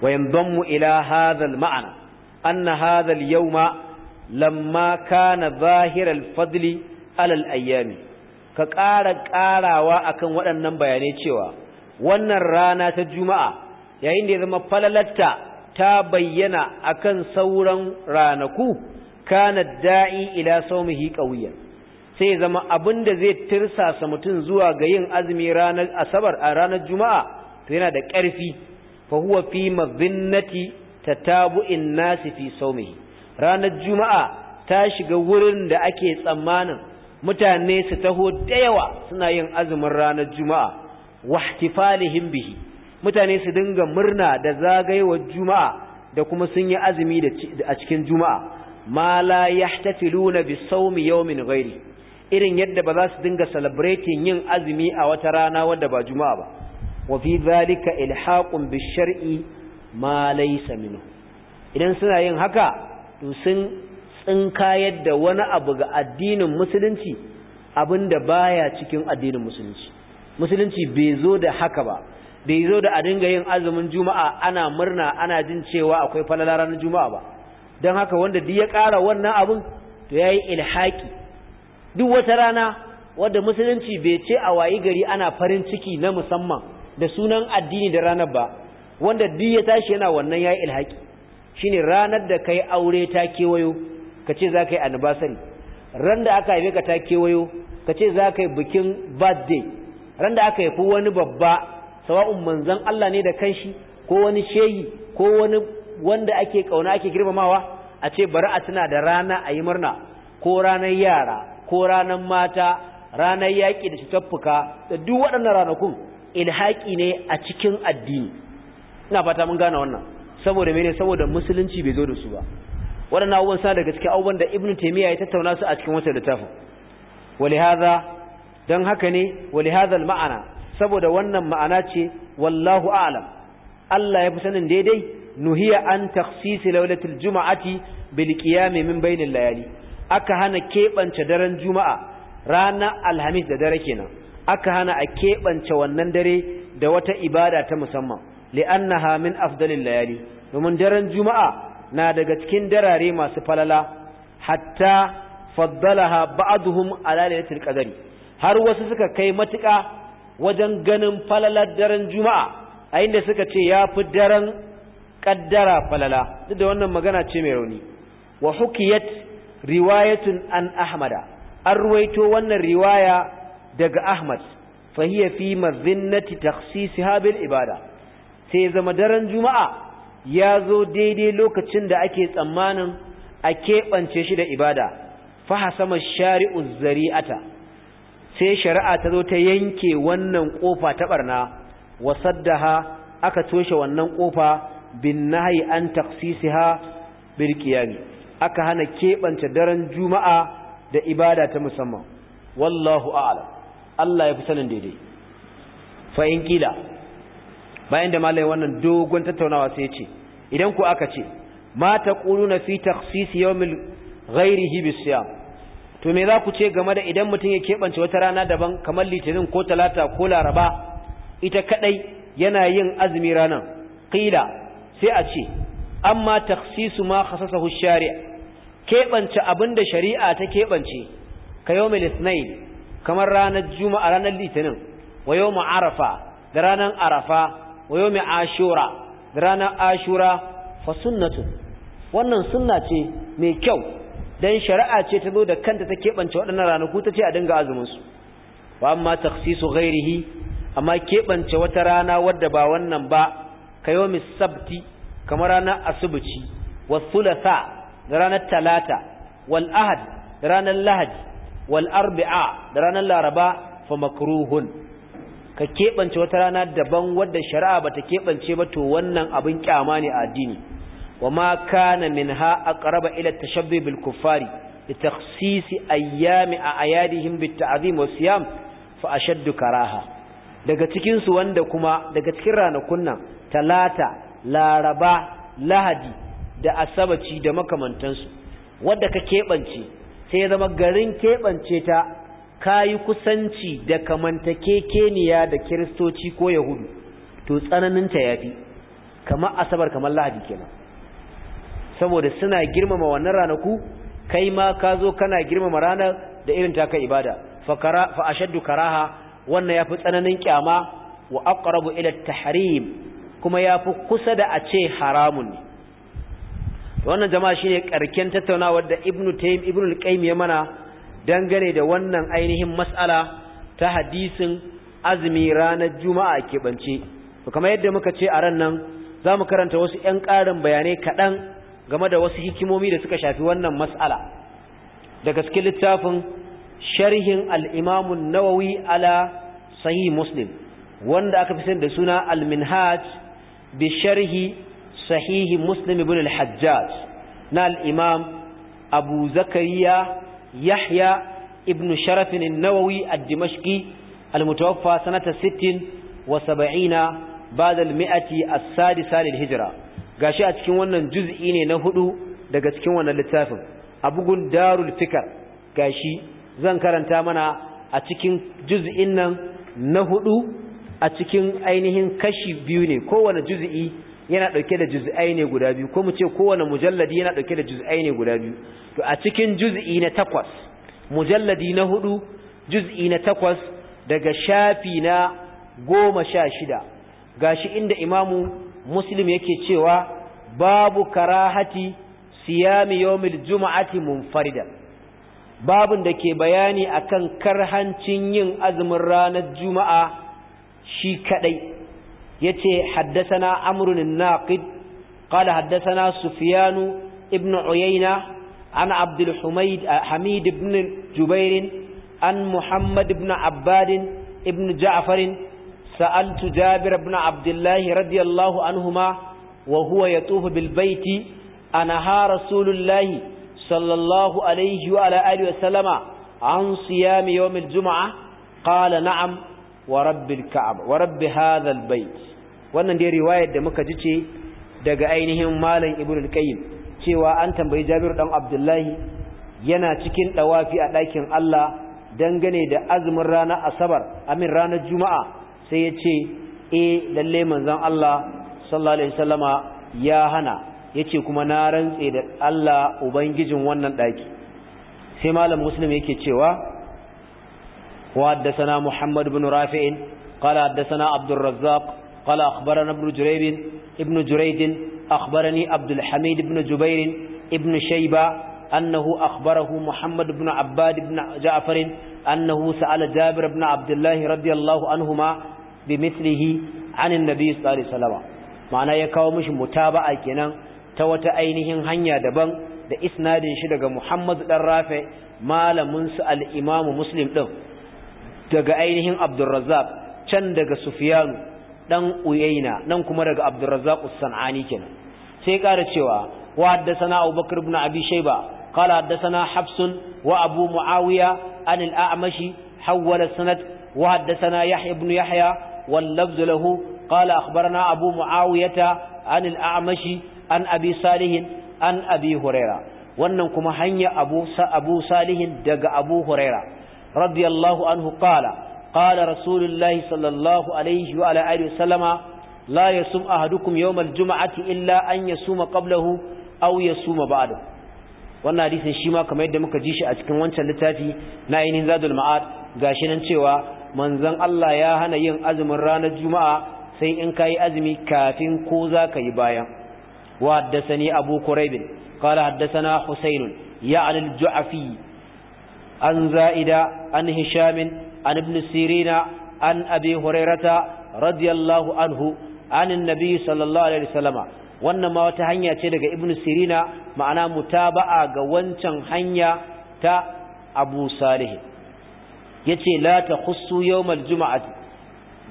wa mu ila hadha ma'ana anna hadha yau ma, lamma kana zahirar al alal ala ayyami ka ƙara ƙarawa akan waɗannan bayanai cewa wannan rana ta juma'a yayin da ya zama falalatta ta bayyana akan sauran ranaku kana da'i ila saumihi qawiyan sai zama abin da zai tirsasa mutum zuwa ga yin azumi ranar asabar a ranar juma'a to yana da ƙarfi fa huwa fi mazinnati in nasi fi saumihi ranar juma'a ta shiga wurin da ake tsammanin mutane su taho da yawa suna yin azumin ranar juma'a wahtifalihim bihi mutane su dinga murna da zagayewar juma'a da kuma sun yi azumi a cikin juma'a ma la yahtafiluna bi saumi yawmin ghairi irin yadda ba za su dinga celebrating yin azumi a wata rana wadda ba juma'a ba wa fi dhalika ilhaqun bi shar'i ma laisa minhu idan suna yin haka to sun tsinkayar da wani abu ga addinin musulunci abinda baya cikin addinin musulunci musulunci bai zo da haka ba bai zo da a dinga yin azumin juma'a ana murna ana jin cewa akwai falala ranar juma'a ba don haka wanda duk ya ƙara wannan abin to yayi yi ilhaki duk wata rana wanda musulunci bai ce a wayi gari ana farin ciki na musamman da sunan addini da ranar ba wanda duk ya tashi yana wannan yayi ilhaki shine ranar da kai aure ta kewayo kace za ka yi anniversary ran da aka haife ka ta kewayo kace za ka yi bikin birthday ran da aka haifi wani babba sawa'un manzon Allah ne da kanshi ko wani shehi ko wani wanda ake kauna ake girmamawa a ce bari a tuna da rana a yi murna ko ranar yara ko ranar mata ranar yaƙi da tafuka da duk waɗannan ranakun ilhaƙi ne a cikin addini ina fata mun gane wannan saboda mene saboda musulunci bai zo da su ba waɗannan abubuwan sa daga cikin abubuwan da ibnu taymiya ya tattauna su a cikin wannan littafin walihaza dan haka ne walihaza ma'ana saboda wannan ma'ana ce wallahu a'lam Allah ya fi sanin daidai nuhiya an takhsis lailatul juma'ati bil qiyam min bainil layali aka hana kebance daren juma'a rana alhamis da dare kenan aka hana a keɓance wannan dare da wata ibada ta musamman li'annaha min afdalil layali domin daren juma'a na daga cikin darare masu falala hatta faddalaha ba'dhum ala lailatul qadri har wasu suka kai matuƙa wajen ganin falalar daren juma'a a inda suka ce ya fi daren kaddara falala duk da wannan magana ce mai rauni wa hukiyat riwayatun an ahmada an ruwaito wannan riwaya daga ahmad fahiya fi mazinnati takhsisiha bil ibada sai zama daren juma'a ya zo daidai lokacin da ake tsammanin a keɓance shi da ibada faha sama shari'un zari'ata sai shari'a ta zo ta yanke wannan ƙofa ta ɓarna ha aka toshe wannan ƙofa bin na nahi an taksisi ha qiyami aka hana keɓance daren juma'a da ibada ta musamman wallahu a'ala Allah ya fi sanin daidai fa’in ƙila bayan da malai wannan dogon tattaunawa sai ce idan ku aka ce ma na fi takhsis mil gairi bisiyam to me za ku ce game da idan mutum ya keɓance wata rana daban kamar litinin ko talata ko laraba ita kaɗai yana yin azumi ranar. Ƙila, sai a ce amma taksisu ma hushari shari'a abin da shari'a ta keɓance, ka mil isnai kamar ranar juma'a ranar litinin wa yau arafa da ranar arafa wa yawmi ashura ranar ashura fa sunnatu wannan sunna ce mai kyau dan shari'a ce ta zo da kanta ta keɓance waɗannan ranaku ta ce a dinga azumin su wa amma takhsisu ghairihi amma keɓance wata rana wadda ba wannan ba ka yawmi sabti kamar ranar asubuci wa sulasa da ranar talata wal ahad da ranar lahadi wal arba'a da ranar laraba fa makruhun ka keɓance wata rana daban wadda shari'a ba ta keɓance ba to wannan abin kyama ne a addini wa ma kana min a ƙaraba ila shabbe bil kuffari da takhsisi ayyami a ayadihim bit ta'zim wa siyam fa ashaddu karaha daga cikin su wanda kuma daga cikin ranakun nan talata laraba lahadi da asabaci da makamantansu wadda ka keɓance sai ya zama garin keɓance ta ka yi kusanci da kamantakekeniya da kiristoci ko yahudu to tsananinta ya fi kamar asabar kamar lahadi kenan saboda suna girmama wannan ranaku kai ma ka zo kana girmama ranar da irin taka ibada fa ashaddu karaha wannan ya fi tsananin kyama wa aqrabu ila tahrim kuma ya fi kusa da a ce haramun ne wannan jama'a shine karken tattaunawar da ibnu taym ibnu al-qayyim ya mana dangane da wannan ainihin mas'ala ta hadisin azumi ranar juma'a keɓance kamar yadda muka ce a ran nan za mu karanta wasu 'yan ƙarin bayanai kaɗan game da wasu hikimomi da suka shafi wannan mas'ala daga cikin littafin sharhin al'imamun nawawi ala sahih muslim wanda aka fi sani da suna al-minhaj bi sharhi sahihi muslim ibn al-hajjaj na al-imam abu zakariya yahya ibn sharafin nawawi a dimashqi al-mutawaffa sanata 60 wa 70 Badal al-mi'ati as-sadisa lil hijra gashi a cikin wannan juz'i ne na hudu daga cikin wannan littafin a bugun darul fikar gashi zan karanta mana a cikin juz'in nan na hudu a cikin ainihin kashi biyu ne kowane juz'i yana ɗauke da juz'ai ne guda biyu ko mu ce kowane mujalladi yana ɗauke da juz'ai ne guda biyu to a cikin juz'i na takwas mujalladi na hudu juz'i na takwas daga shafi na goma sha shida gashi inda imamu muslim yake cewa babu karahati siyami yawmil juma'ati munfarida babun da ke bayani akan karhancin yin azumin ranar juma'a shi kadai يتي حدثنا أمر الناقد قال حدثنا سفيان ابن عيينة عن عبد الحميد حميد بن جبير عن محمد بن عباد ابن جعفر سألت جابر بن عبد الله رضي الله عنهما وهو يطوف بالبيت أنهى رسول الله صلى الله عليه وعلى آله وسلم عن صيام يوم الجمعة قال نعم wa rabbil ka'aba wa rabbi hadha albayt wannan dai riwayar da muka ji ce daga ainihin malam ibnu al-qayyim cewa an tambayi Jabiru dan Abdullahi yana cikin dawafi a ɗakin Allah dangane da azumin ranar Asabar amin ranar Juma'a sai yace ce eh lalle manzon Allah sallallahu alaihi wasallama ya hana yace kuma na rantse da Allah ubangijin wannan daki sai malam muslim yake cewa وحدثنا محمد بن رافع قال حدثنا عبد الرزاق قال أخبرنا ابن جريب ابن جريد أخبرني عبد الحميد بن جبير ابن شيبة أنه أخبره محمد بن عباد بن جعفر أنه سأل جابر بن عبد الله رضي الله عنهما بمثله عن النبي صلى الله عليه وسلم معنى يكاومش متابعة كنان توتا أينهن هنيا دبن da isnadin shi daga Muhammad dan Rafi malamin su al-Imam Muslim din daga ainihin abdurrazzab can daga sufiyanu ɗan uyaina nan kuma daga abdurrazzab usan'ani kenan sai ƙara cewa wa haddathana abubakar ibn abi shayba qala haddathana habsun wa abu muawiya an al-a'mashi hawwala sanad wa haddathana yahya ibn yahya wallabz lahu qala akhbarana abu muawiyata an al-a'mashi an abi salihin an abi huraira wannan kuma hanya abu abu salihin daga abu huraira رضي الله عنه قال قال رسول الله صلى الله عليه وعلى آله وسلم لا يصوم أحدكم يوم الجمعة إلا أن يصوم قبله أو يصوم بعده wannan hadisin shi ma kamar yadda muka ji shi a cikin wancan littafi na ainihin zadul ma'ad gashi nan cewa manzon Allah ya hana yin azumin ranar juma'a sai in kayi azumi kafin ko za ka yi bayan wa haddathani abu quraib qala haddathana husayn ya'al al-ju'afi عن زائدة عن هشام عن ابن سيرين عن أبي هريرة رضي الله عنه عن النبي صلى الله عليه وسلم wannan ma wata hanya ce daga ibn sirina ma'ana mutaba'a ga wancan hanya ta abu salih yace la takhussu yawmal juma'ati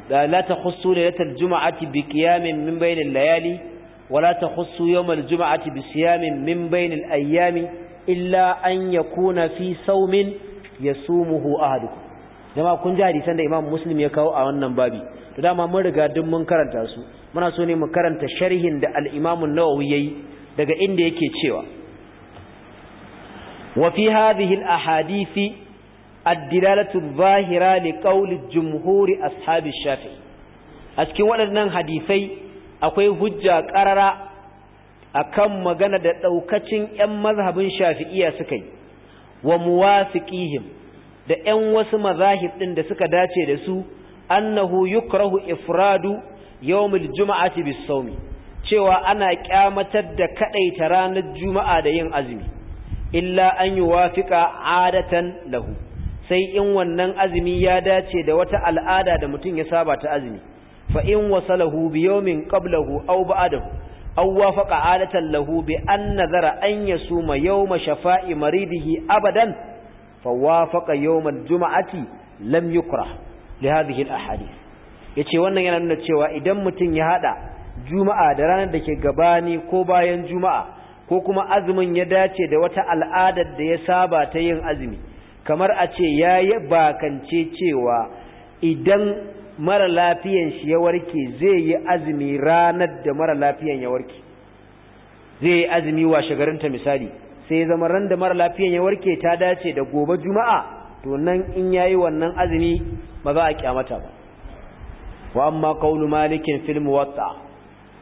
la takhussu juma'ati bi qiyamin min bainil layali wa la takhussu min ayyami illa an yakuna fi saumin yasumuhu ahadukum jama'a kun ji hadisan da Imam Muslim ya kawo a wannan babi to dama mun riga duk mun karanta su muna so ne mu karanta sharhin da al-Imam an yayi daga inda yake cewa wa fi hadhihi al-ahadithi ad-dilalatu adh-dhahira li qawli jumhuri ashabi shafi'i a cikin waɗannan hadisai akwai hujja qarara akan magana da ɗaukacin ƴan mazhabin shafi'iya suka yi wa muwafiqihim da ƴan wasu mazahib ɗin da suka dace da su annahu yukrahu ifradu yawmil juma'ati bis-sawmi cewa ana kyamatar da kadaita ranar juma'a da yin azumi illa an yuwafiqa adatan lahu sai in wannan azumi ya dace da wata al'ada da mutum ya saba ta azumi fa in wasalahu bi yawmin qablahu aw ba'dahu aw wafaqa adatan lahu bi an nazara an yasuma yawma shafa'i maridihi abadan fa wafaqa yawma al-jum'ati lam yukra li hadhihi al-ahadith yace wannan yana nuna cewa idan mutum ya hada juma'a da ranar da ke gabani ko bayan juma'a ko kuma azumin ya dace da wata al'ada da ya saba ta yin azumi kamar a ce yayi bakance cewa idan mara lafiyan shi ya warke zai yi azumi ranar da mara lafiyan ya warke zai yi azumi wa shagarinta misali sai zama ran da mara lafiyan ya warke ta dace da gobe juma'a to nan in yayi wannan azumi ba za a kyamata ba wa amma qawlu malikin fil muwatta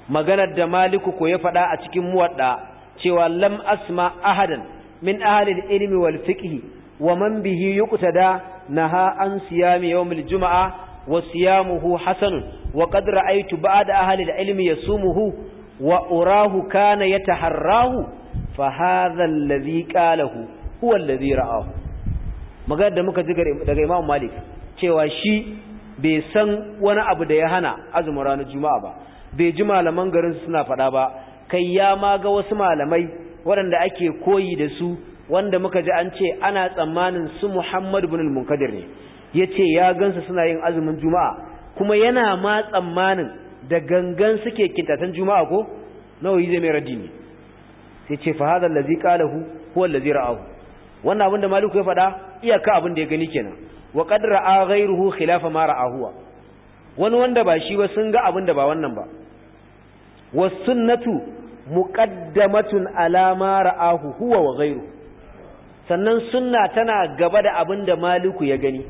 maganar da maliku ko ya faɗa a cikin muwatta cewa lam asma ahadan min ahli al-ilmi wal fiqh wa man bihi yuqtada naha an siyami yawmil juma'a juma'a. wa siyamuhu hasanun wa qad ra'aytu ba'da ahli al-ilmi yasumuhu wa urahu kana yataharrahu fa hadha alladhi qalahu huwa alladhi ra'ahu magana da muka ji daga Imam Malik cewa shi bai san wani abu da ya hana azumin ranar juma'a ba bai ji malaman garin suna faɗa ba kai ya ma ga wasu malamai waɗanda ake koyi da su wanda muka ji an ce ana tsammanin su Muhammad ibn al-Munkadir ne Ya ce ya gansu suna yin azumin juma'a kuma yana ma tsammanin da gangan suke kintatan juma'a ko yi zai mai radini sai ce fa lazi kalahu ko lazi ra'ahu wannan abin da maliku ya faɗa iyaka abin da ya gani kenan wa a ra'a hu khilafa mara ahuwa. wani wanda ba shi ba sun ga abin da ba wannan ba Wa sunnatu muqaddamatun ala ma ra'ahu huwa wa gairu sannan sunna tana gaba da abin da maliku ya gani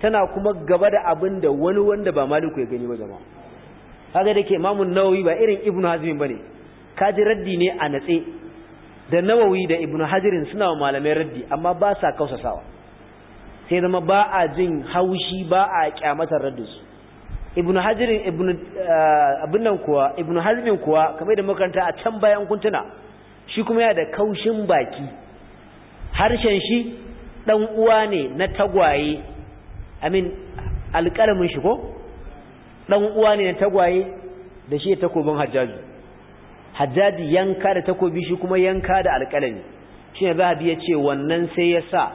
tana kuma gaba da abin da wani wanda ba maliku ya gani ba jama'a kaga dake imamu nawawi ba irin ibnu hazim bane kaji raddi ne a natse da nawawi da ibnu hajirin suna wa malamai raddi amma ba sa kausasawa sai zama ba a jin haushi ba a kyamatar su. ibnu hajirin ibnu eh, abin nan kuwa ibnu hazmin kuwa kamar da makaranta a can bayan kuntuna shi kuma yana da kaushin baki harshen shi dan uwa ne na tagwaye amin alƙalamin shi ko ɗan uwa ne na tagwaye da shi takobin hajjaji hajjaji yanka da takobi shi kuma yanka da alƙalami shi ne zahabi ya ce wannan sai ya sa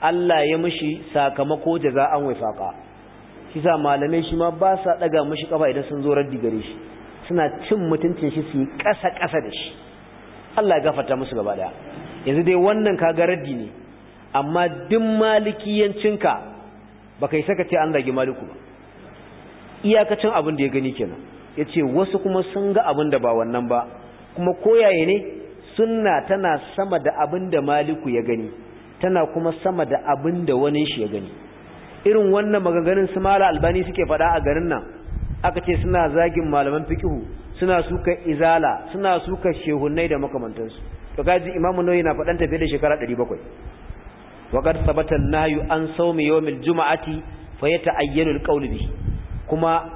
Allah ya mishi sakamako da za an waifaƙa shi sa malamai shi ma ba sa ɗaga mishi ƙafa idan sun zo raddi gare shi suna cin mutuncin shi su yi ƙasa-ƙasa da shi Allah ya gafarta musu gaba ɗaya yanzu dai wannan kaga raddi ne amma duk malikiyancinka baka yi saka ce an zagi maliku ba iyakacin abin da ya gani kenan ya ce wasu kuma sun ga abin da ba wannan ba kuma koyaye ne suna tana sama da abin da maliku ya gani tana kuma sama da abin da wani shi ya gani irin wannan maganganun su mala albani suke faɗa a garin nan aka ce suna zagin malaman fikihu suna suka izala suna suka shehunnai da makamantansu to gaji imamu noyi na faɗan fiye da shekara 700 وقد nayu an عن صوم juma'ati fa فيتعين القول به Kuma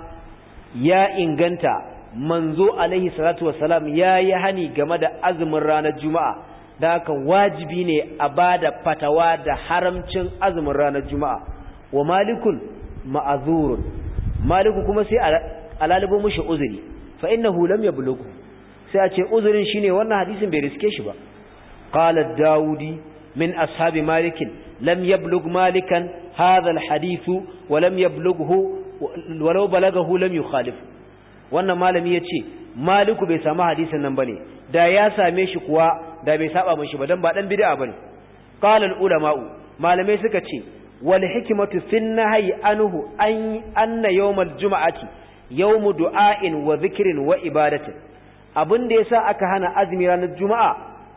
ya inganta manzo Alayhi salatu wassalam ya yi hani game da azumin ranar juma'a da haka wajibi ne a ba da fatawa da haramcin azumin ranar juma'a wa malikun ma'azurun maliku kuma sai alalibo mushi uzuri fa innahu lam yablugu sai a ce uzurin shine wannan hadisin bai riske shi ba qala daudi من أصحاب مالك لم يبلغ مالكا هذا الحديث ولم يبلغه ولو بلغه لم يخالف wannan malami ya ce maliku bai samu hadisin nan ba ne da ya same shi kuwa da bai saba mashi ba don ba ɗan bida ba ne ƙalar ulama'u malamai suka ce wal hikimatu fin nahayi anhu an anna yawmal juma'ati yawmu du'ain wa zikirin wa ibadatin abin da yasa aka hana azumi ranar juma'a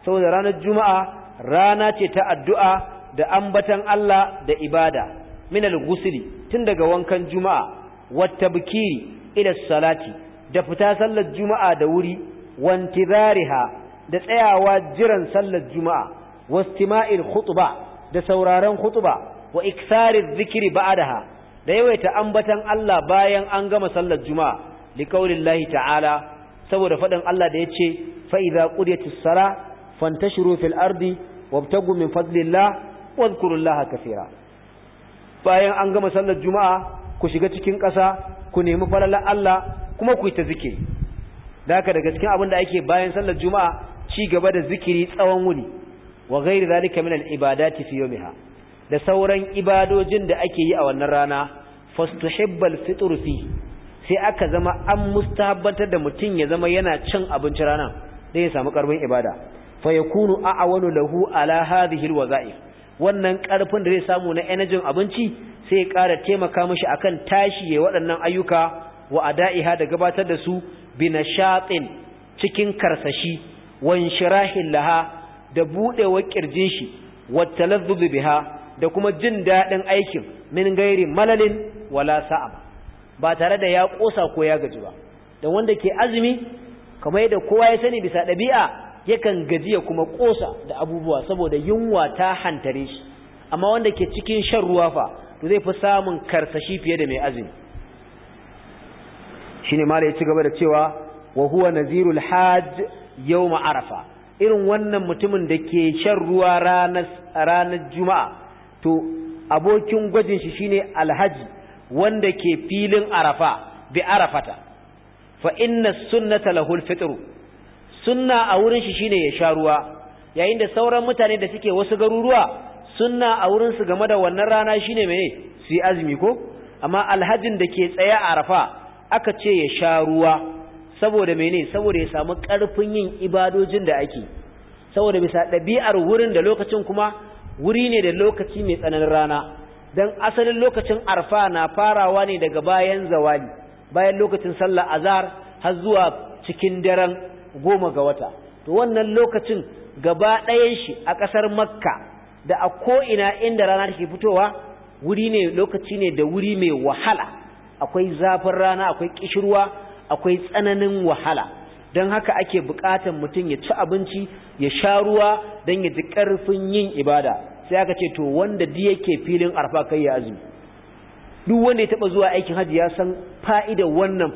saboda ranar juma'a rana ce ta addu'a da ambatan Allah da ibada minal gusiri tun daga wankan juma'a wata bikiri ila salati da fita sallar juma'a da wuri wanti wantizariha da tsayawa jiran sallar juma'a wastima'il khutba da sauraron khutba wa iksarin zikiri ba'adaha da yawaita ambatan Allah bayan an gama sallar juma'a liqaulillahi ta'ala saboda faɗin Allah da ya ce fa'ida qudiyatis fantashiru وابتغوا ardi فضل الله واذكروا الله كثيرا bayan an gama sallar juma'a ku shiga cikin ƙasa ku nemi falalar Allah kuma ku ta zikiri da haka daga cikin abin da ake bayan sallar juma'a ci gaba da zikiri tsawon wuni wa ghairi zalika min al ibadati fi yawmiha da sauran ibadojin da ake yi a wannan rana fastuhibbal fitr fi sai aka zama an mustahabbantar da mutum ya zama yana cin abinci rana dan ya samu karbin ibada fa yakunu a'awanu lahu ala hadhihi alwaza'if wannan karfin da zai samu na energy abinci sai ya ƙara taimaka mishi akan tashi ya waɗannan ayyuka wa ada'iha da gabatar da su nashatin cikin karsashi wanshirahin laha da buɗewar kirjin shi watalazzubi biha da kuma jin daɗin aikin min gairi malalin wala sa'ab ba tare da ya ƙosa ko ya gaji ba da wanda ke azumi kamar da kowa ya sani bisa ɗabi'a yakan gajiya kuma kosa da abubuwa saboda yunwa ta hantare shi amma wanda ke cikin shan ruwa fa to zai fi samun karsashi fiye da mai azumi shine mala ya ci gaba da cewa wa huwa nazirul hajj yawm arafa irin wannan mutumin da ke shan ruwa ranar ranar juma'a to abokin gwajin shi shine alhaji wanda ke filin arafa bi arafata fa inna sunnata lahul fitru sunna a wurin shi shine ya sha ruwa yayin da sauran mutane da suke wasu garuruwa sunna a wurin su game da wannan rana shine mene su azumi ko amma alhajin da ke tsaye a arafa aka ce ya sha ruwa saboda mene saboda ya samu karfin yin ibadojin da ake saboda bisa ɗabi'ar wurin da lokacin kuma wuri ne da lokaci mai tsananin rana dan asalin lokacin arfa na farawa ne daga bayan zawali bayan lokacin sallar azhar har zuwa cikin daren goma ga wata to wannan lokacin gaba ɗayan shi a ƙasar makka da a ko'ina inda rana take fitowa wuri ne lokaci ne da wuri mai wahala akwai zafin rana akwai ƙishirwa akwai tsananin wahala don haka ake buƙatar mutum ya ci abinci ya sha ruwa don ya ji ƙarfin yin ibada sai aka ce to wanda di yake filin arfa kai ya azumi duk wanda ya taɓa zuwa aikin hajji ya san fa'idar wannan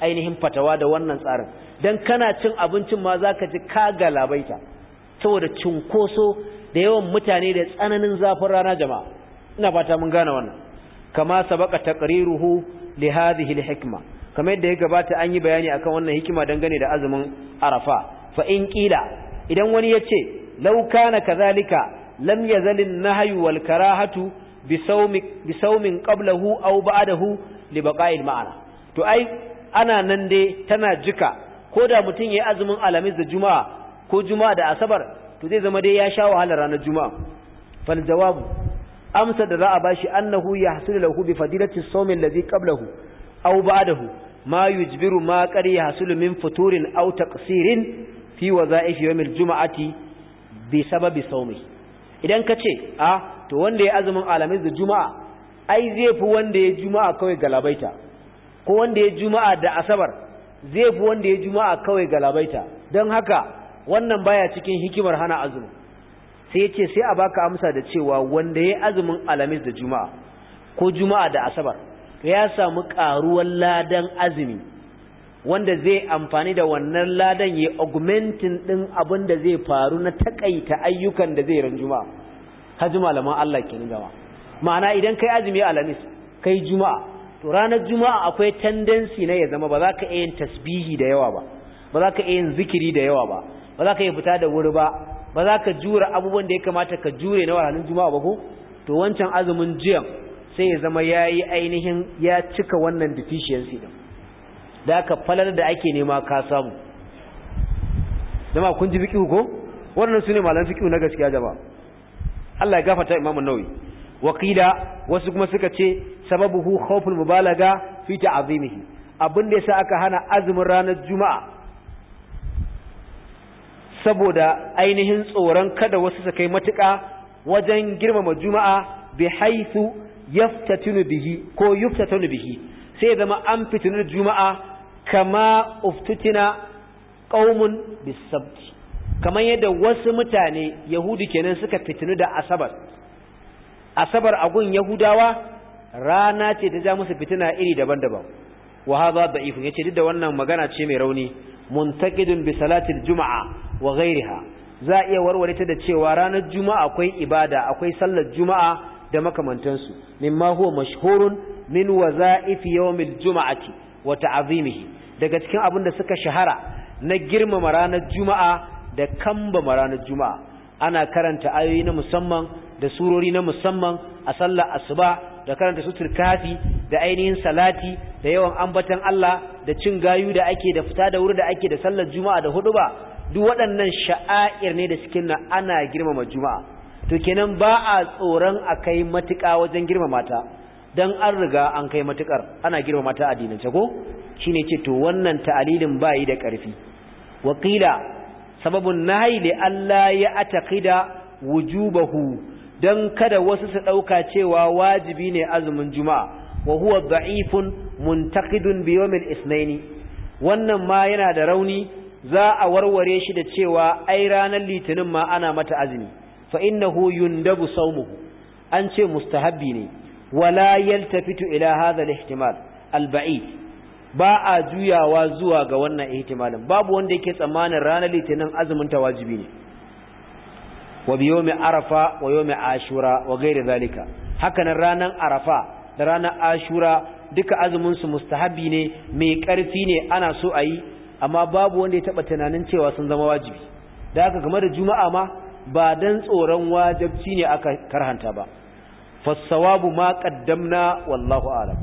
ainihin fatawa da wannan tsarin dan kana cin abincin ma zaka ji ka galabaita saboda cunkoso da yawan mutane da tsananin zafin rana jama'a ina fata mun gane wannan kama sabaka taqriruhu li hadhihi al-hikma kamar yadda ya gabata an yi bayani akan wannan hikima dangane da azumin Arafa fa in qila idan wani yace law kana kadhalika lam yazal an-nahyu wal karahatu bi sawmi bi sawmin qablahu aw ba'dahu li baqa'il ma'ana to ai ana nan dai tana jika ko da mutum ya yi azumin alamis da juma'a ko juma'a da asabar to zai zama dai ya sha wahalar ranar juma'a fal jawabu amsa da za a bashi annahu da lahu bi kabla hu au ba da hu ma jibiru ma karya yahsul min futurin ta taqsirin fi wa za a waza'if yawm aljum'ati bi sababi somi idan ka ce a to wanda ya azumin alamis da juma'a ai zai fi wanda ya juma'a kawai galabaita ko wanda ya juma'a da asabar zai fi wanda ya juma'a kawai galabaita don haka wannan baya cikin hikimar hana azumi sai yace sai a baka amsa da cewa wanda ya azumin alamis da juma'a ko juma'a da asabar ya samu karuwar ladan azumi wanda zai amfani da wannan ladan ya augmentin din abin da zai faru na takaita ayyukan da zai ran juma'a haji malaman Allah ni gama ma'ana idan kai azumi alamis kai juma'a to ranar juma'a akwai tendency na ya zama ba za ka iya yin tasbihi da yawa ba ba za ka yin zikiri da yawa ba ba za ka iya fita da wuri ba ba za ka jura abubuwan da ya kamata ka jure na ranar juma'a ba ko to wancan azumin jiyan sai ya zama ya yi ainihin ya cika wannan deficiency din da ka falar da ake nema ka samu jama'a kun ji fiƙihu ko wannan sune ne malan na gaskiya jama'a Allah ya gafata Imam nawawi wakila wasu kuma suka ce sababuhu khawful mubalaga fi ta'zimihi abin da yasa aka hana azumin ranar juma'a saboda ainihin tsoron kada wasu su kai matuƙa wajen girmama juma'a bi haithu yaftatinu bihi ko yuftatinu bihi sai zama an fitinu juma'a kama uftutina qaumun bisabt kamar yadda wasu mutane yahudi kenan suka fitinu da asabar asabar a gun yahudawa rana ce ta ja musu fitina iri daban-daban wa hadha da'if yace duk da wannan magana ce mai rauni muntaqidun bi salatil juma'a wa ghayriha za iya warware ta da cewa ranar juma'a akwai ibada akwai sallar juma'a da makamantansu mimma huwa mashhurun min waza'ifi yawmil juma'ati wa ta'zimihi daga cikin abin da suka shahara na girmama ranar juma'a da kambama ranar juma'a ana karanta ayoyi na musamman da surori na musamman a sallar asuba da karanta sutur kafi da ainihin salati da yawan ambatan Allah da cin gayu da ake da fita da wuri da ake da sallar juma'a da hudu ba. duk waɗannan sha'air ne da cikin nan ana girmama juma'a to kenan ba a tsoron a kai matuƙa wajen girmama ta dan an riga an kai matukar ana girmama ta dinance ko shine ce to wannan ta'alilin ba bayi da ƙarfi Wakila sababin na li alla ya ataqida wujubahu don kada wasu su ɗauka cewa wajibi ne azumin juma'a wa huwa da'ifun muntaqidun bi yawmil ithnaini wannan ma yana da rauni za a warware shi da cewa ai ranar litinin ma ana mata azumi fa innahu yundabu sawmuhu an ce mustahabbi ne wala yaltafitu ila hadha al-ihtimal al-ba'id ba a juyawa zuwa ga wannan ihtimalin babu wanda yake tsammanin ranar litinin azumin ta wajibi ne wa bi yawmi arafa wa yawmi ashura wa ghairi zalika hakanan ranan arafa da ranan ashura duka azumin su mustahabi ne mai karfi ne ana so a yi amma babu wanda ya taba tunanin cewa sun zama wajibi da haka game da juma'a ma ba dan tsoron wajibci ne aka karhanta ba fassawabu ma qaddamna wallahu a'lam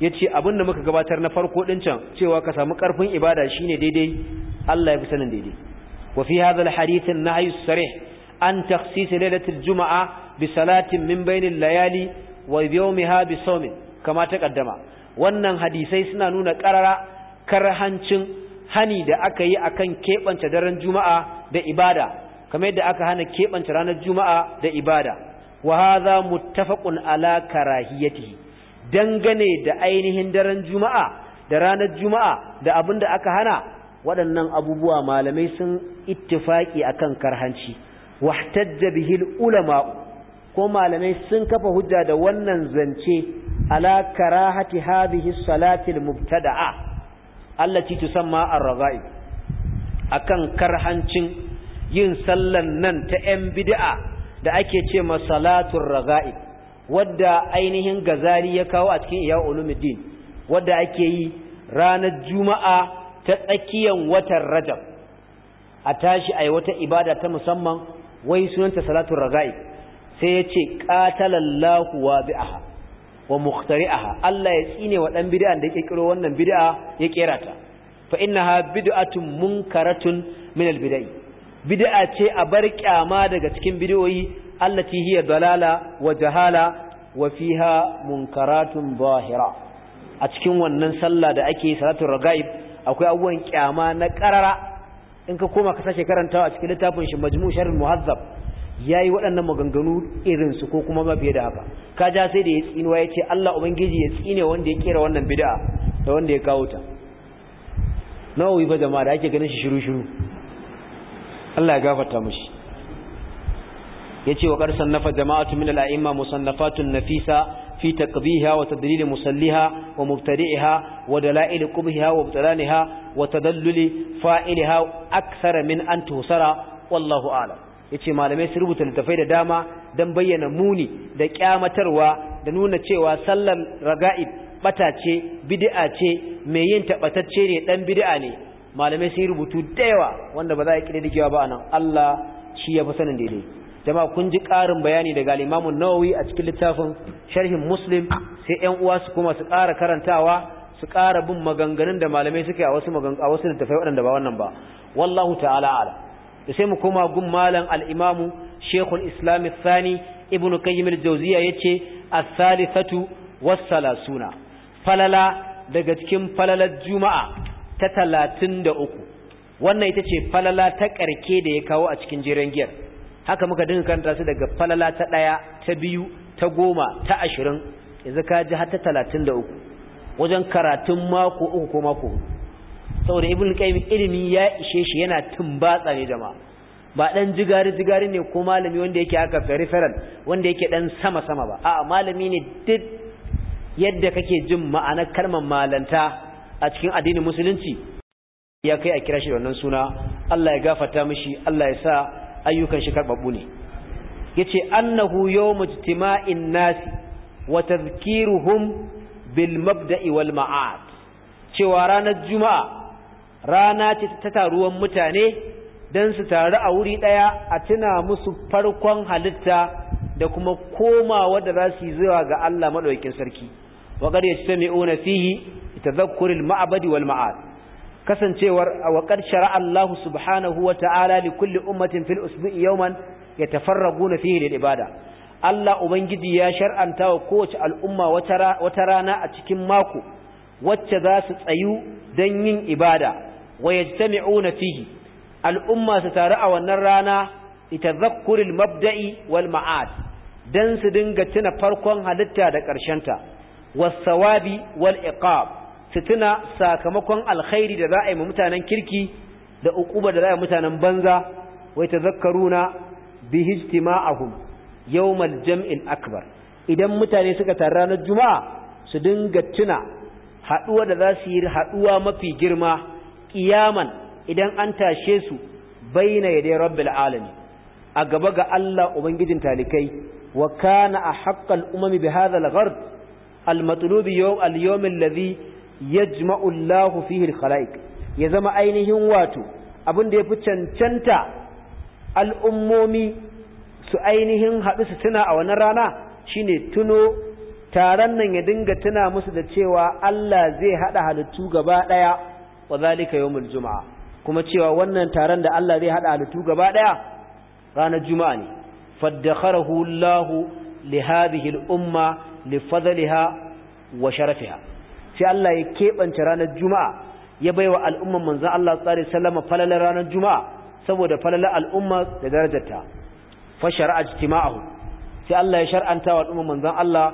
yace abinda muka gabatar na farko din can cewa ka samu karfin ibada shine daidai Allah ya fi sanin daidai wa fi hadha al-hadith an-nahy sarih an takhsis lailatul juma'a bi salatin min bainil layali wa yawmiha bi sawmin kama ta kaddama wannan hadisai suna nuna karara karhancin hani da aka yi akan keɓance daren juma'a da ibada kamar yadda aka hana keɓance ranar juma'a da ibada wa hadha muttafaqun ala karahiyatihi dangane da ainihin daren juma'a da ranar juma'a da abin da aka hana waɗannan abubuwa malamai sun ittifaki akan karhanci wahtajja bihi ulama ko malamai sun kafa hujja da wannan zance ala karahati hadhihi salati mubtada'a allati tusamma ar raga'i akan karhancin yin sallan nan ta 'yan bid'a da ake ce ma masalatun raga'i wadda ainihin gazali ya kawo a cikin iya ulumuddin wadda ake yi ranar juma'a ta tsakiyan watan rajab a tashi a wata ibada ta musamman wai sunanta salatun raga'ib sai yace ce qatalallahu wa bi'aha wa muhtari'aha Allah ya tsine wa dan bid'a da ya wannan bid'a ya kera ta fa innaha bid'atun munkaratun min al bid'a ce a bar kyama daga cikin bid'o'i allati hiya dalala wa jahala wa fiha munkaratun zahira a cikin wannan sallah da ake salatun raga'ib akwai abubuwan kyama na karara in ka koma ka sake karantawa a cikin littafin shi majmu sharh muhazzab yayi waɗannan maganganu irin su ko kuma ba fiye da haka ka ja sai da ya tsinuwa ya ce Allah ubangiji ya tsine wanda ya kera wannan bid'a da wanda ya kawo ta nawawi ba jama'a da ake ganin shi shiru shiru Allah ya gafarta mushi yace wa qarsan sannafa jama'atu min al-a'imma musannafatun nafisa wa musalliha wa mubtadi'iha wa dalail qubhiha wa وابتلانها وتدلل tadalluli أكثر aksara min an والله أعلم yace malamai su rubuta littafai da dama dan bayyana muni da kyamatarwa da nuna cewa sallar raga'ib bata ce bid'a ce mai yin tabatacce ne dan bid'a ne malamai sun rubutu da yawa wanda ba za a kididdigewa ba anan Allah shi ya fi sanin daidai jama'a kun ji ƙarin bayani daga al-Imam nawawi a cikin littafin sharhin Muslim sai ƴan uwa su kuma su ƙara karantawa su ƙara bin maganganun da malamai suke a wasu a wasu littafai waɗanda ba wannan ba wallahu ta'ala ala da sai mu koma gun malam al-imam shaykhul islam thani ibnu qayyim al-jawziya yace as-salifatu was-salasuna falala daga cikin falalar juma'a ta talatin da uku. wannan ita ce falala ta ƙarke da ya kawo a cikin jiran giyar haka muka dinga karanta su daga falala ta ɗaya ta biyu ta goma ta ashirin yanzu ka ji har ta talatin da uku wajen karatun mako uku ko mako saboda ibn qayyim ilimi ya ishe shi yana tumbatsa ne jama'a ba ɗan jigari jigari ne ko malami wanda yake haka peripheral wanda yake ɗan sama sama ba a'a malami ne duk yadda kake jin ma'anar kalmar malanta a cikin addinin musulunci ya kai a kira shi da wannan suna Allah ya gafarta mishi Allah ya sa ayyukan shi karbabbu ne yace annahu yawmu ijtima'in nasi wa tadhkiruhum bilmabda'i mabda'i wal ma'ad cewa ranar juma'a rana ce ta taruwan mutane don su taru a wuri ɗaya a tuna musu farkon halitta da kuma komawa da za su yi zuwa ga Allah maɗaukin sarki wa qad yastami'una fihi tadhakkur al ma'abadi wal ma'ad kasancewar a waƙar shara'a Allah subhanahu wa ta'ala li kulli ummatin fil usbu'i yawman yatafarraguna fihi lil ibada Allah Ubangiji ya shar'anta wa kowace al'umma wata rana a cikin mako wacce za su tsayu don yin ibada wa yajtami'una fihi al'umma su taru a wannan rana zakkuril mabda'i wal ma'ad dan su dinga tuna farkon halitta da ƙarshenta was sawabi wal iqab su tuna sakamakon alkhairi da za a yi mutanen kirki da uquba da za a yi mutanen banza wa yatadhakkaruna bi ijtima'ahum yawmal maljam'in akbar idan mutane suka taru ranar juma'a su dinga tuna haɗuwa da za su yi haɗuwa mafi girma ƙiyaman idan an tashe su baina yadai rabbi alamin a gaba ga Allah ubangijin talikai wa kana ahqqal umami bi hadha al-ghard al-matlub yawm al-yawm alladhi yajma'u ya zama ainihin wato abin da yafi cancanta al'ummomi su ainihin haɗu su tuna a wannan rana shine tuno taron nan ya dinga tuna musu da cewa Allah zai haɗa halittu gaba ɗaya wa zalika yawmul juma'a kuma cewa wannan taron da Allah zai haɗa halittu gaba ɗaya ranar juma'a ne faddakharahu Allah li hadhihi al-umma li fadliha wa sharafiha sai Allah ya keɓance ranar juma'a ya baiwa al'umman manzon Allah sallallahu alaihi wasallam falalar ranar juma'a saboda falalar al'umma da darajarta fa shar'a ijtima'ahu sai Allah ya shar'anta wa umman manzan. Allah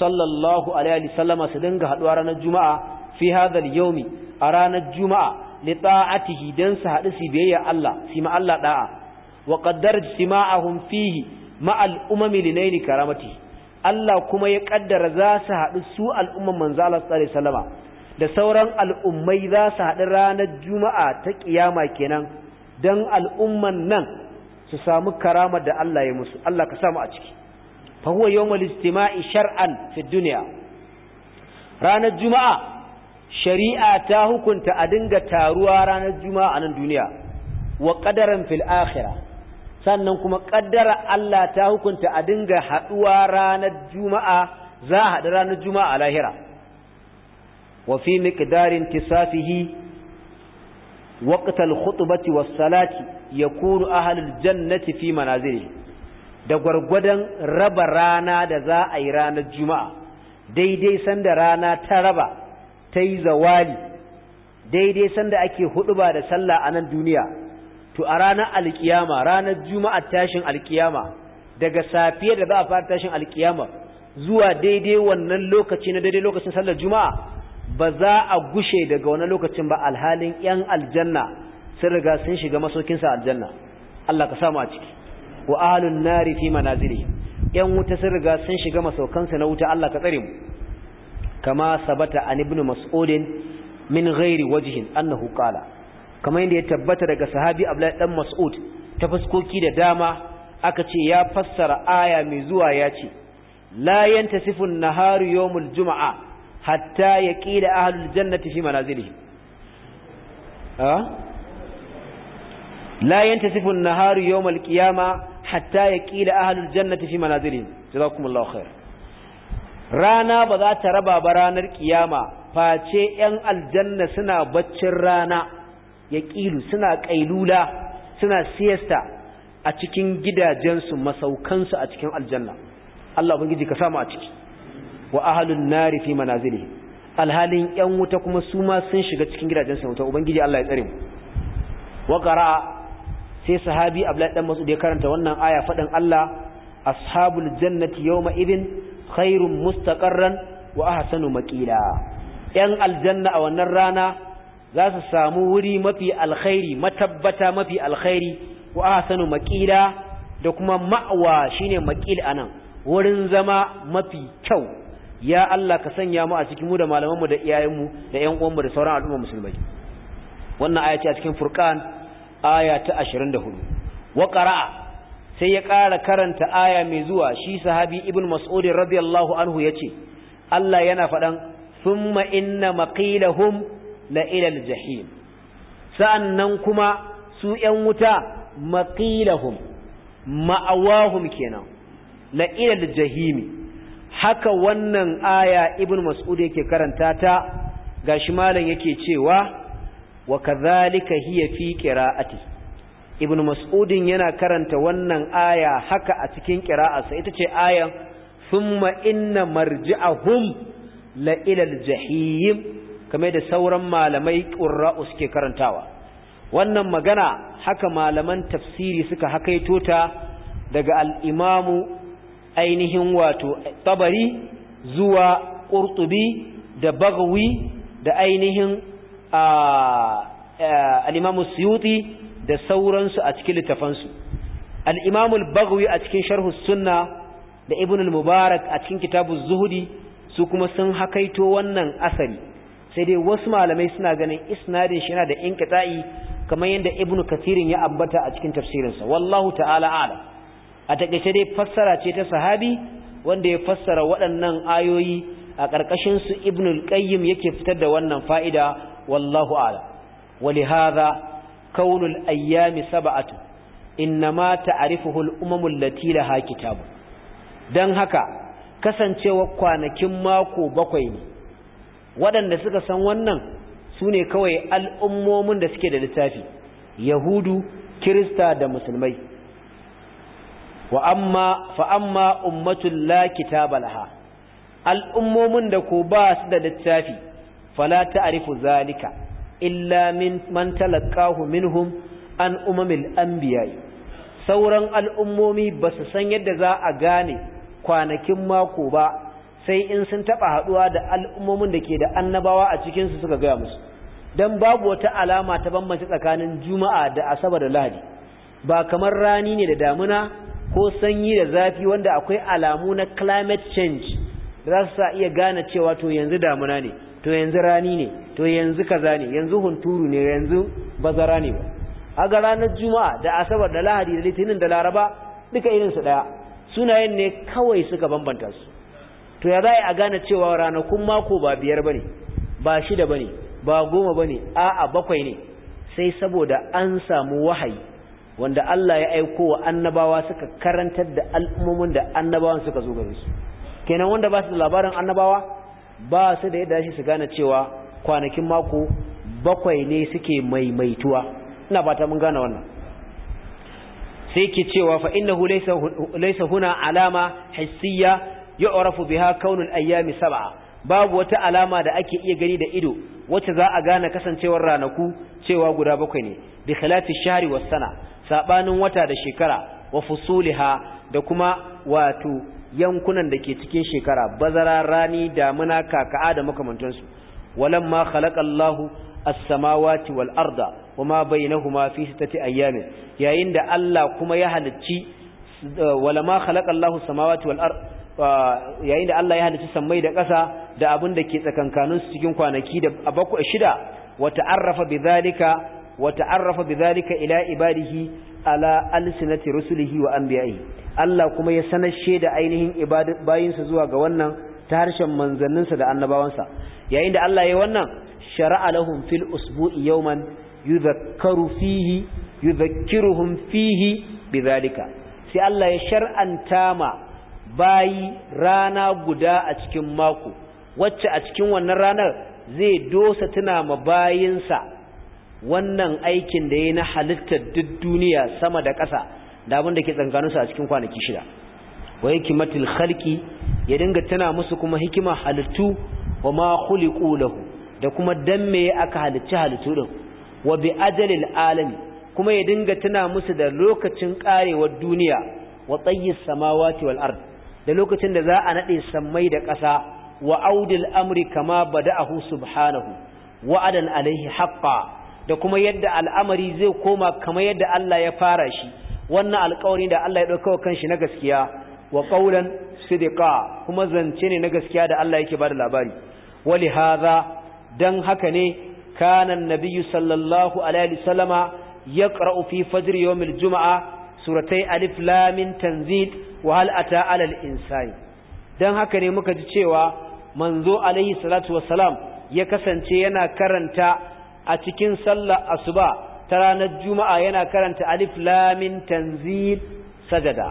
sallallahu alaihi sallama su dinga haɗuwa ranar juma'a fi hadhal yawmi a ranar juma'a li ta'atihi don su haɗu su biyayya Allah su ma Allah da'a wa qaddar ijtima'ahum fihi ma al linaini karamati Allah kuma ya ƙaddara za su haɗu su al'umman manzon Allah sallallahu alaihi da sauran al'ummai za su haɗu ranar juma'a ta ƙiyama kenan don al'umman nan su samu karamar da Allah ya musu Allah ka samu a ciki fa huwa yawmul istima'i shar'an fi dunya ranar juma'a shari'a ta hukunta a dinga taruwa ranar juma'a a nan duniya wa qadaran fil akhirah sannan kuma qaddara Allah ta hukunta a dinga haduwa ranar juma'a za a haɗu ranar juma'a a lahira wa fi miqdarin tisafihi وقت الخطبة والصلاة يكون أهل الجنة في منازله da gwargwadon raba rana da za a yi ranar juma'a daidai sanda rana ta raba ta yi zawali daidai sanda ake huduba da sallah a nan duniya to a ranar alkiyama ranar juma'a tashin alkiyama daga safiya da za a fara tashin alkiyama zuwa daidai wannan lokaci na daidai lokacin sallar juma'a ba za a gushe daga wani lokacin ba alhalin yan aljanna sun riga sun shiga masokinsa aljanna Allah ka samu a ciki wa ahlun nari fi manazili yan wuta sun riga sun shiga masaukansa na wuta Allah ka tsare mu kama sabata an ibnu mas'udin min ghairi wajhin annahu qala kamar yadda ya tabbata daga sahabi Abdullahi dan Mas'ud ta fuskoki da dama aka ce ya fassara aya mai zuwa ya ce la yantasifu naharu yawmul hatta ya ƙi da ahalul fi manazilihi la yantasifu naharu yawm al hatta ya ƙi da ahalul fi manazilihim jazakumullahu khair rana ta raba ba ranar ƙiyama. face yan aljanna suna baccin rana ya ƙilu suna ƙailula suna siyasta a cikin gidajensu masaukansu a cikin aljanna Allah ubangiji ka samu a ciki wa ahlun nari fi manazilihim alhalin yan wuta kuma su ma sun shiga cikin gidajen sa wuta ubangiji Allah ya tsare mu wa qara sai sahabi Abdullahi dan Mas'ud ya karanta wannan aya fadan Allah ashabul jannati yawma idin khairun mustaqarran wa ahsanu maqila yan aljanna a wannan rana za su samu wuri mafi alkhairi matabbata mafi alkhairi wa ahsanu maqila da kuma ma'wa shine maqil anan wurin zama mafi kyau ya Allah ka sanya mu a cikin mu da malamanmu da mu da ƴan uwanmu da sauran al'umma musulmai wannan aya ce a cikin furqan aya ta 24 wa qara'a sai ya ƙara karanta aya mai zuwa shi sahabi ibn mas'ud radiyallahu anhu yace Allah yana faɗan thumma inna maqilahum la ila al-jahim sa'annan kuma su ƴan wuta maqilahum ma'awahum kenan la ila al-jahimi haka wannan aya ibn mas'ud yake karanta ta gashi malam yake cewa wa kadhalika hiya fi qira'ati ibn mas'ud yana karanta wannan aya haka a cikin qira'arsa ita ce ayan thumma inna marji'ahum la ila al-jahim kamar da sauran malamai qurra'u suke karantawa wannan magana haka malaman tafsiri suka hakaito ta daga al-imamu ainihin wato tabari zuwa qurtubi da bagwi da ainihin al suyuti da sauransu a cikin littafansu Al'imamul bagwi a cikin sharhu sunna da ibn al-mubarak a cikin kitabu zuhudi su kuma sun hakaito wannan asali sai dai wasu malamai suna ganin isnadin shi yana da inqita'i kamar yadda Ibn katirin ya ambata a cikin tafsirinsa wallahu ta'ala a'lam a takaice dai fassara ce ta sahabi wanda ya fassara waɗannan ayoyi a ƙarƙashin su ibn qayyim yake fitar da wannan fa'ida wallahu a'lam ولهذا كون inna سبعة ta'rifuhu al umam allati laha kitab dan haka kasancewa kwanakin mako bakwai ne waɗanda suka san wannan su ne kawai al'ummomin da suke da littafi yahudu kirista da musulmai wa amma fa amma ummatul la kitaba laha al'ummomin da ko ba su da littafi fala ta'rifu zalika illa min man talaqahu minhum an umamil anbiya sauran al'ummomi ba su san yadda za a gane kwanakin mako ba sai in sun taba haduwa da al'ummomin da ke da annabawa a cikin su suka gaya musu dan babu wata alama ta bambance tsakanin juma'a da asabar da lahadi ba kamar rani ne da damuna ko sanyi da zafi wanda akwai alamu na climate change za su sa iya gane cewa to yanzu damuna ne to yanzu rani ne to yanzu kaza ne yanzu hunturu ne yanzu bazara ne ba A ga ranar juma'a da asabar da lahadi da litinin da laraba duka irinsu daya sunayen ne kawai suka bambanta su to ya za a gane cewa ranakun mako ba biyar ba ba shida ba ba goma ba a'a bakwai ne sai saboda an samu wahayi wanda Allah ya aiko wa annabawa suka karantar da al'ummomin da annabawan suka zo gare su kenan wanda ba su da labarin annabawa ba su da yadda shi su gane cewa kwanakin mako bakwai ne suke maimaituwa ina fata mun gane wannan sai ke cewa fa innahu laysa huna alama hissiya yu'rafu biha kaunul ayyami sab'a babu wata alama da ake iya gani da ido wacce za a gane kasancewar ranaku cewa guda bakwai ne bi khilafi shahri was sana sabanin wata da shekara wa fusuliha da kuma wato yankunan da ke cikin shekara bazara rani damuna kaka'a da makamantansu walan walamma khalaqallahu as-samawati wal arda wama bainahuma fi sittati ayyamin yayin da Allah kuma ya halicci wala ma khalaqallahu as-samawati wal arda yayin da Allah ya halicci samai da ƙasa da abin da ke tsakankanin su cikin kwanaki da bakwai shida wa ta'arrafa bidhalika wa ta'arrafa bidhalika ila ibadihi ala alsinati rusulihi wa anbiya'ihi Allah kuma ya sanashe da ainihin bayinsa zuwa ga wannan ta harshen manzanninsa da annabawansa yayin da Allah ya wannan shara'a lahum fil usbu'i yawman yudhakkaru fihi yudhakkiruhum fihi bidhalika sai Allah ya shar'anta ma bayi rana guda a cikin mako wacce a cikin wannan ranar zai dosa tuna ma bayinsa wannan aikin da ya yi na halittar duk duniya sama da ƙasa da abin da ke tsankaninsu a cikin kwanaki shida wa hikimatul khalqi ya dinga tana musu kuma hikima halittu wa ma khuliqu lahu da kuma dan me aka halicci halittu din wa bi ajalil alami kuma ya dinga tana musu da lokacin ƙarewar duniya wa tayyis samawati wal ard da lokacin da za a nade sammai da ƙasa wa audil amri kama bada'ahu subhanahu wa'adan alaihi haqqan da kuma yadda al'amari zai koma kamar yadda Allah ya fara shi wannan alƙawari da Allah ya ɗauka kanshi na gaskiya wa qaulan sidqa kuma zance ne na gaskiya da Allah yake bada labari wali hadha dan haka ne Kanan annabiyyu sallallahu alaihi ya yaqra'u fi fajr mil juma'a suratai alif Lamin mim wa hal ata ala alinsani dan haka ne muka ji cewa manzo alaihi salatu Wasalam ya kasance yana karanta a cikin sallah asuba ta ranar juma'a yana karanta alif lamin tanzil sajada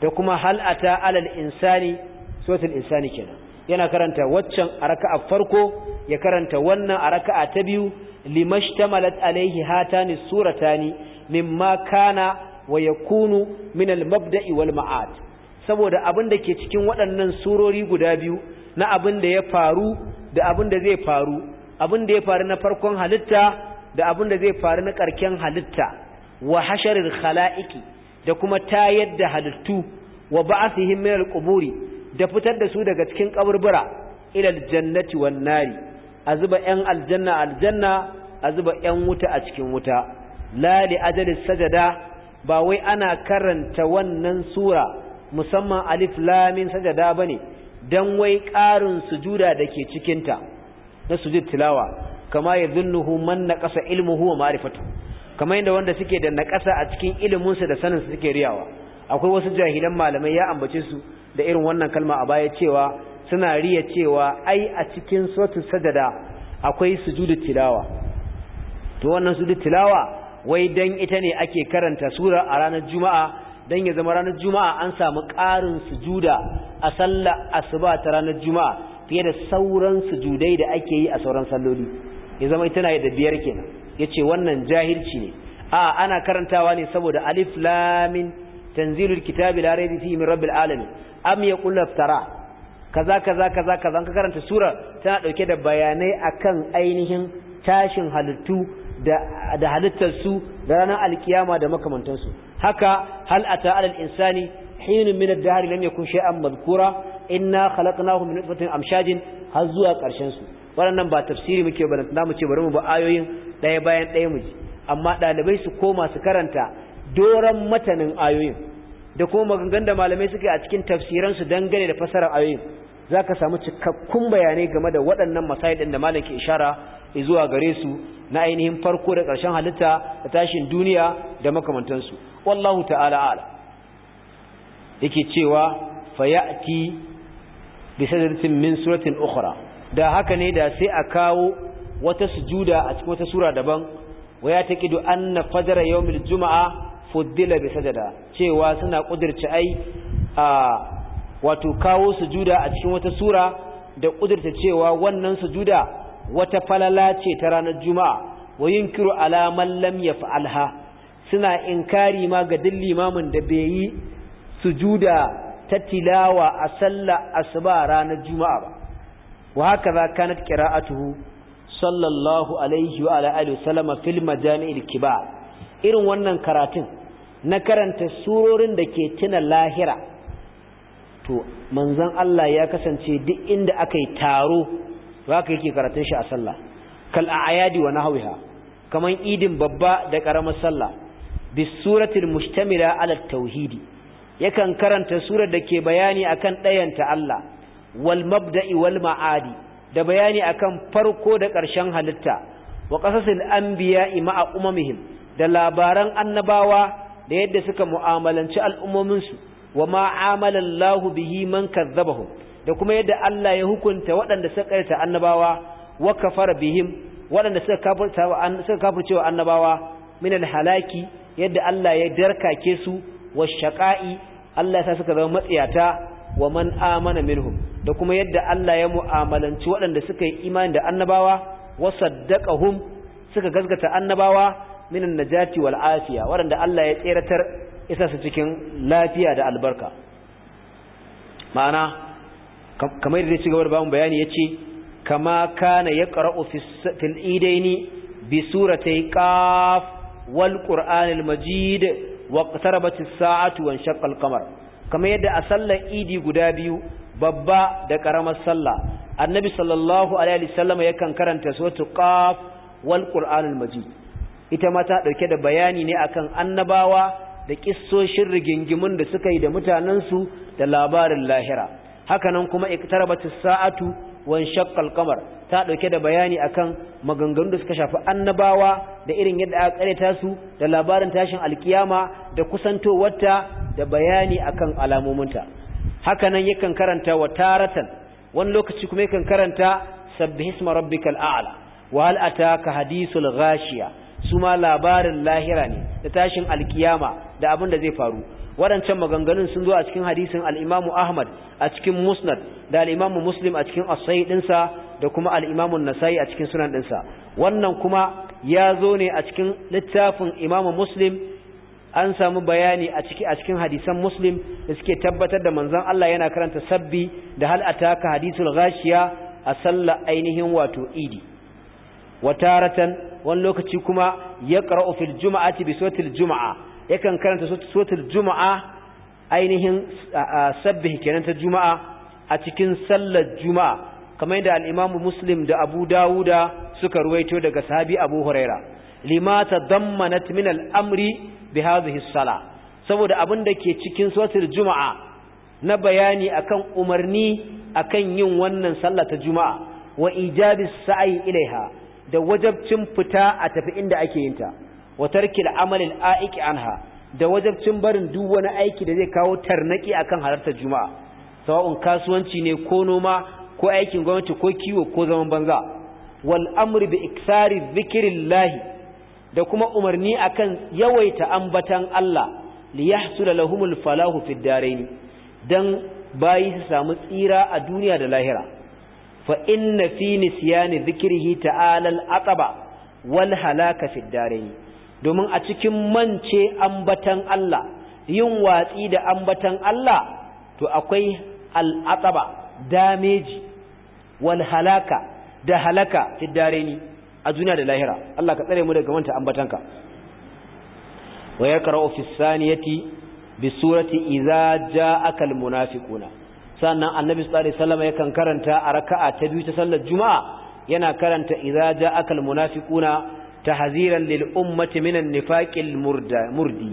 da kuma hal'ata alal insani suratul insani kenan yana karanta waccan a raka'a farko ya karanta wannan a raka'a ta biyu limashtamalat alaihi hatani suratani mimma kana wa yakunu min al-mabda'i wal ma'at saboda abin da ke cikin waɗannan surori guda biyu na abin da ya faru da abin da zai faru abin da ya faru na farkon halitta da abin da zai faru na ƙarken halitta wa hasharin khala'iki da kuma tayar da halittu wa ba'athihim min ƙuburi da fitar da su daga cikin ƙaburbura ilal jannati wan nari zuba yan aljanna aljanna a zuba yan wuta a cikin wuta la li ajalis sajada ba wai ana karanta wannan sura musamman alif lamin sajada bane dan wai ƙarin sujuda ke cikinta na sujud tilawa kama ya yadhunnuhu man naqasa ilmuhu wa marifatu, kama yadda wanda suke da naqasa a cikin ilimin da sanin su suke riyawa akwai wasu jahilan malamai ya ambace su da irin wannan kalma a baya cewa suna riya cewa ai a cikin suratul sajada akwai sujudu tilawa to wannan sujudu tilawa wai dan ita ne ake karanta sura a ranar juma'a dan ya zama ranar juma'a an samu ƙarin sujuda a sallar asuba ta ranar juma'a fiye da sauran sujudai da ake yi a sauran salloli ya zama tana da biyar kenan yace wannan jahilci ne a ana karantawa ne saboda alif lamin tanzilul kitabi la rayba fihi min rabbil alamin am yaqul iftara kaza kaza kaza kaza ka karanta sura tana dauke da bayanai akan ainihin tashin halittu da da halittar su da ranar alkiyama da makamantansu haka hal ata alal insani hin min ad-dahr lam yakun shay'an madhkura inna khalaqnahum min nutfatin amshajin har zuwa ƙarshen su waɗannan ba tafsiri muke ba na mu ce bari mu ba ayoyin ɗaya bayan ɗaya mu ji amma ɗalibai su koma su karanta doran matanin ayoyin da kuma maganganun da malamai suke a cikin tafsiransu dangane da fasarar ayoyin zaka samu cikakkun bayanai game da waɗannan masayi ɗin da malam ke ishara zuwa gare su na ainihin farko da ƙarshen halitta da tashin duniya da makamantansu wallahu ta'ala ala yake cewa ya'ti bi min suratin ukhra da haka ne da sai a kawo wata sujuda a cikin wata sura daban waya taqidu anna yau yawmil juma'a fuddila bi cewa suna kudirci ai a wato kawo sujuda a cikin wata sura da kudirta cewa wannan sujuda wata falala ce ta ranar juma'a wa yunkiru ala man lam yaf'alha suna inkari ma ga dillimamin limamin da bai yi sujuda ta tilawa a sallah asuba ranar juma'a ba wa haka za kanat qira'atuhu sallallahu alaihi wa ala alihi wasallama fil majami'il kibar irin wannan karatun na karanta surorin da ke tuna lahira to manzon Allah ya kasance duk inda aka yi taro haka yake karatun shi a sallah kal a'yadi wa nahwiha kamar idin babba da karamar sallah bis suratil mustamila ala tauhidi yakan karanta surar da ke bayani akan ɗayanta Allah wal mabda'i wal ma'adi da bayani akan farko da ƙarshen halitta wa qasasil anbiya'i ma'a umamihim da labaran annabawa da yadda suka mu'amalanci al'ummomin su wa ma'amala Allahu bihi man kazzabahum da kuma yadda Allah ya hukunta waɗanda suka karanta annabawa wa kafara bihim waɗanda suka kafirta suka kafircewa annabawa min halaki yadda Allah ya darkake su washaqa'i Allah ya sa suka zama matsiyata wa man amana minhum da kuma yadda Allah ya mu'amalanci waɗanda suka yi imani da annabawa wa saddaqahum suka gaskata annabawa minan najati wal afiya waɗanda Allah ya tseratar isa su cikin lafiya da albarka ma'ana kamar yadda ci gaba da bamu bayani yace kama kana yaqra'u fil idaini bi suratai qaf wal qur'anil majid wa qtarabatis sa'atu wa shaqqa al-qamar kamar yadda a sallar idi guda biyu babba da karamar sallah annabi sallallahu alaihi wasallam yakan karanta suratul qaf wal qur'anul majid ita ma ta dauke da bayani ne akan annabawa da kissoshin rigingimun da suka yi da mutanensu da labarin lahira hakanan kuma iqtarabatis sa'atu wan shaqqal ta ɗauke da bayani akan maganganun da suka shafi annabawa da irin yadda aka kareta su da labarin tashin alkiyama da kusantowarta da bayani akan alamominta haka nan yakan karanta wa taratan wani lokaci kuma yakan karanta sabbihisma rabbikal a'la wa hal ataka hadisul ghashiya su ma labarin lahira ne da tashin alkiyama da abin da zai faru waɗancan maganganun sun zo a cikin hadisin al'imamu ahmad a cikin musnad da al'imamu muslim a cikin asai ɗinsa da kuma al'imamun nasa'i a cikin sunan ɗinsa wannan kuma ya zo ne a cikin littafin imamu muslim an samu bayani a ciki a cikin hadisan muslim da suke tabbatar da manzon Allah yana karanta sabbi da hal ataka hadisul ghashiya a sallar ainihin wato idi wataratan wani lokaci kuma ya qara'u juma'a ci bi juma'a yakan karanta sotar juma'a ainihin sabbin kenan ta juma'a a cikin sallar juma'a kamar da al Muslim da Abu Dawuda suka ruwaito daga sahabi Abu Huraira limata dammanat min al-amri bi hadhihi as saboda abin da ke cikin sotar juma'a na bayani akan umarni akan yin wannan sallar ta juma'a wa ijabi sa'i ilaiha da wajabcin fita a tafi inda ake yinta wa tarkil amalil aiki anha da wajabcin barin duk wani aiki da zai kawo tarnaki akan halartar juma'a sawa'un kasuwanci ne ko noma ko aikin gwamnati ko kiwo ko zaman banza wal amri bi iksari zikrillahi da kuma umarni akan yawaita ambatan Allah li yahsula lahumul falahu fid darain dan bayi su samu tsira a duniya da lahira fa inna fi nisyani zikrihi ta'ala al ataba wal halaka fid darain domin a cikin mance ambatan Allah yin watsi da ambatan Allah to akwai al'ataba dameji wal halaka da halaka ni a duniya da lahira Allah ka tsare mu daga manta ambatanka wa yaqra'u fi saniyati bi surati idza ja'aka munafiquna sannan annabi sallallahu alaihi wasallam yakan karanta a raka'a ta biyu ta sallar juma'a yana karanta idza ja'aka al munafiquna tahziran lil ummati minan nifaqil murda murdi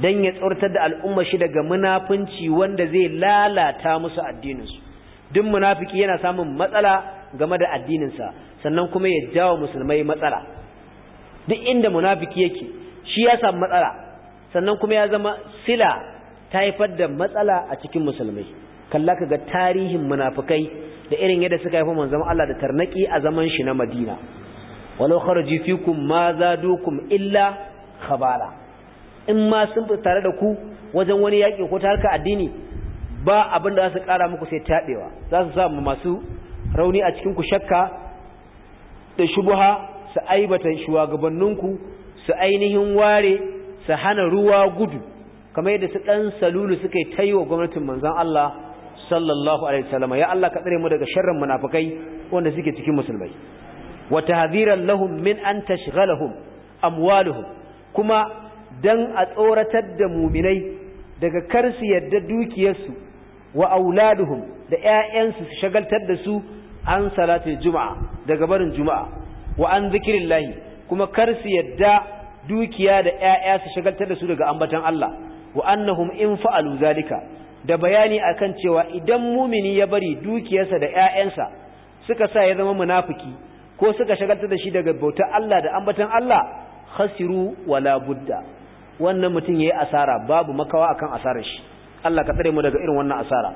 dan ya tsortar da al'umma shi daga munafunci wanda zai lalata musu addininsu duk munafiki yana samun matsala game da addininsa sannan kuma ya jawo musulmai matsala duk inda munafiki yake shi ya samu matsala sannan kuma ya zama sila ta haifar da matsala a cikin musulmai kalla ga tarihin munafikai da irin yadda suka haifa manzon Allah da tarnaki a zaman shi na Madina walau kharaji fikum ma zadukum illa khabala in ma sun tare da ku wajen wani yaƙi ko ta addini ba abin da za su ƙara muku sai taɓewa za su sa masu rauni a cikin ku shakka da shubuha su aibata shugabanninku su ainihin ware su hana ruwa gudu kamar yadda su ɗan salulu suka yi ta yi wa gwamnatin manzan Allah sallallahu alaihi wasallam ya Allah ka tsare mu daga sharran munafikai wanda suke cikin musulmai wa tahdhiran lahum min an tashghalahum amwaluhum kuma dan a tsoratar da muminai daga kar su yadda dukiyarsu wa auladuhu da ƴaƴansu su shagaltar da su an salatul juma'a daga barin juma'a wa an zikrillahi kuma kar su yadda dukiya da 'ya'ya su shagaltar da su daga ambatan Allah wa nahum in fa'alu zalika da bayani a kan cewa idan mumini ya bari dukiyarsa da 'ya'yansa suka sa ya zama munafuki. ko suka shagalta da shi daga bautar Allah da ambatan Allah khasiru wala budda wannan mutum yayi asara babu makawa akan asarar shi Allah ka tsare mu daga irin wannan asara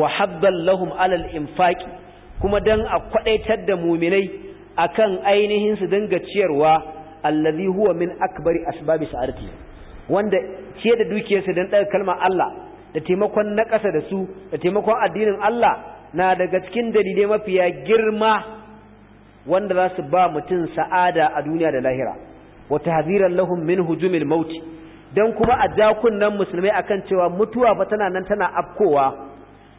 wa habban lahum alal infaqi kuma dan a kwadaitar da mu'minai akan ainihin su dinga ciyarwa allazi huwa min akbari asbabi sa'arti wanda ciye da dukiyarsa dan daga kalmar Allah da taimakon na da su da taimakon addinin Allah na daga cikin dalilai mafiya girma wanda za su ba mutum sa'ada a duniya da lahira wata haziran lahun min hujumil mauti don kuma a jakunnan musulmai akan cewa mutuwa fa tana nan tana afkowa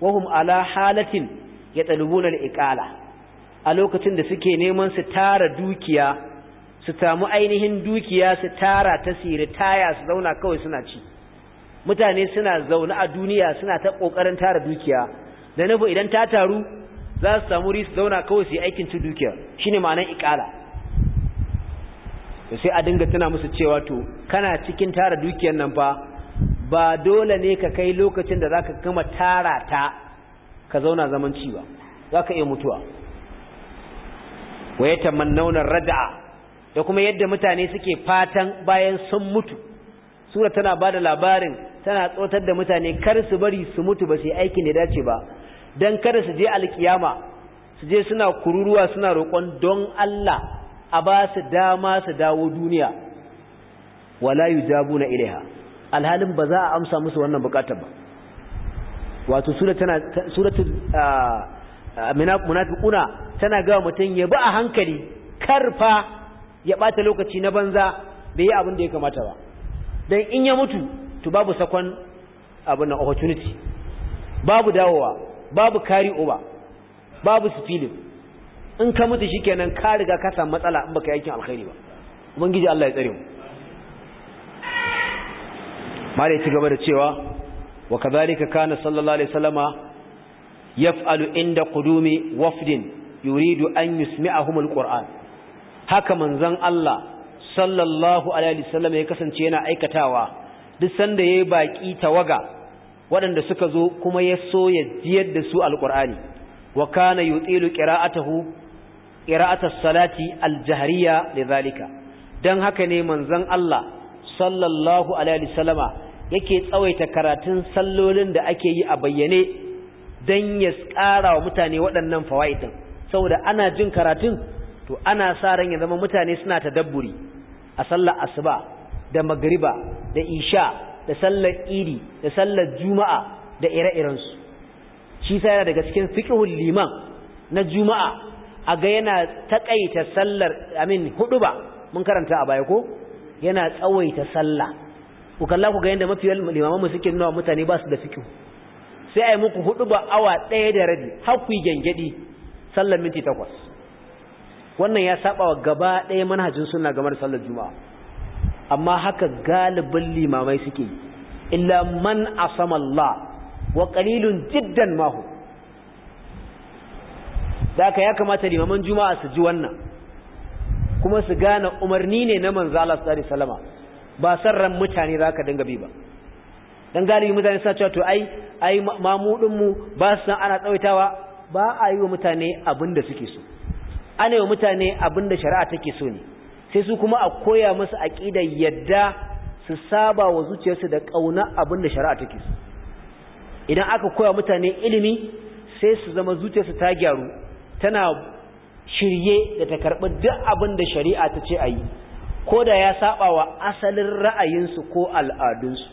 wahum ala halatin ya al ikala a lokacin da suke neman su tara dukiya su samu ainihin dukiya su tara ta siri taya su zauna kawai suna ci mutane suna zaune a duniya suna ta ƙoƙarin tara dukiya da nufin idan ta taru za su samu risu zauna kawai su yi aikin su dukiyar shine ma'anar ikala da sai a dinga tuna musu cewa to kana cikin tara dukiyar nan fa ba dole ne ka kai lokacin da zaka gama tara ta ka zauna zaman ci ba ka iya mutuwa Waye ta mannaunar rad'a da kuma yadda mutane suke fatan bayan sun mutu sura tana ba da labarin tana tsotar da mutane kar su bari su mutu ba yi aikin da dace ba don kada su je alkiyama su je suna kururuwa suna roƙon don Allah a ba su dama su dawo duniya wala yujabu na ilaiha alhalin ba za a amsa musu wannan bukatar ba wato suratul ah, ah, munafiquna tana ga mutum ya bi a hankali karfa ya bata lokaci na banza bai yi abin da ya kamata ba dan in ya mutu to babu sakon abin opportunity babu dawowa babu kari uba babu spilling in ka mutu shikenan ka riga ka samu matsala in baka yakin alkhairi ba ubangiji Allah ya tsare mu mare ci gaba da cewa wa kadhalika kana sallallahu alaihi wasallama yaf'alu inda qudumi wafdin yuridu an yusmi'ahum alquran haka manzon Allah sallallahu alaihi wasallama ya kasance yana aikatawa duk sanda yayi baki tawaga waɗanda suka zo kuma ya so ya jiyar da su alƙur'ani wa kana yutilu qira'atahu qira'atas salati aljahriya lidhalika dan haka ne manzon Allah sallallahu alaihi wasallama yake tsawaita karatun sallolin da ake yi a bayyane dan ya ƙara wa mutane waɗannan fawaidin saboda ana jin karatun to ana sa ran ya zama mutane suna tadabburi a sallar asuba da magriba da isha da sallar idi da sallar juma'a da ire-irensu shi sai yana daga cikin fiqhul liman na juma'a a ga yana taƙaita sallar amin huduba mun karanta a baya ko yana tsawaita salla. ku kalla ku ga yanda mafi limaman mu suke nuna mutane ba su da fiqh sai a yi muku huduba awa ɗaya da rabi har ku gengedi sallar minti takwas wannan ya saba wa gaba ɗaya manhajin sunna game da sallar juma'a amma haka galibin limamai suke illa man asama Allah wa qalilun jiddan mahu daka ya kamata limaman juma'a su ji wannan kuma su gane umarni ne na manzo Allah sallallahu alaihi wasallama ba sarran mutane ka dinga bi ba dan galibi mutane suna cewa to ai ai mamudin mu ba su san ana tsawaitawa ba a yi wa mutane abin da suke so ana yi wa mutane abin da shari'a take so ne sai su kuma a koya musu aƙida yadda su saba wa zuciyarsu da ƙauna abin da shari'a take su idan aka koya mutane ilimi sai su zama zuciyarsu ta gyaru tana shirye da ta karɓi duk abin da shari'a ta ce a yi ko da ya saba wa asalin ra'ayinsu ko al'adunsu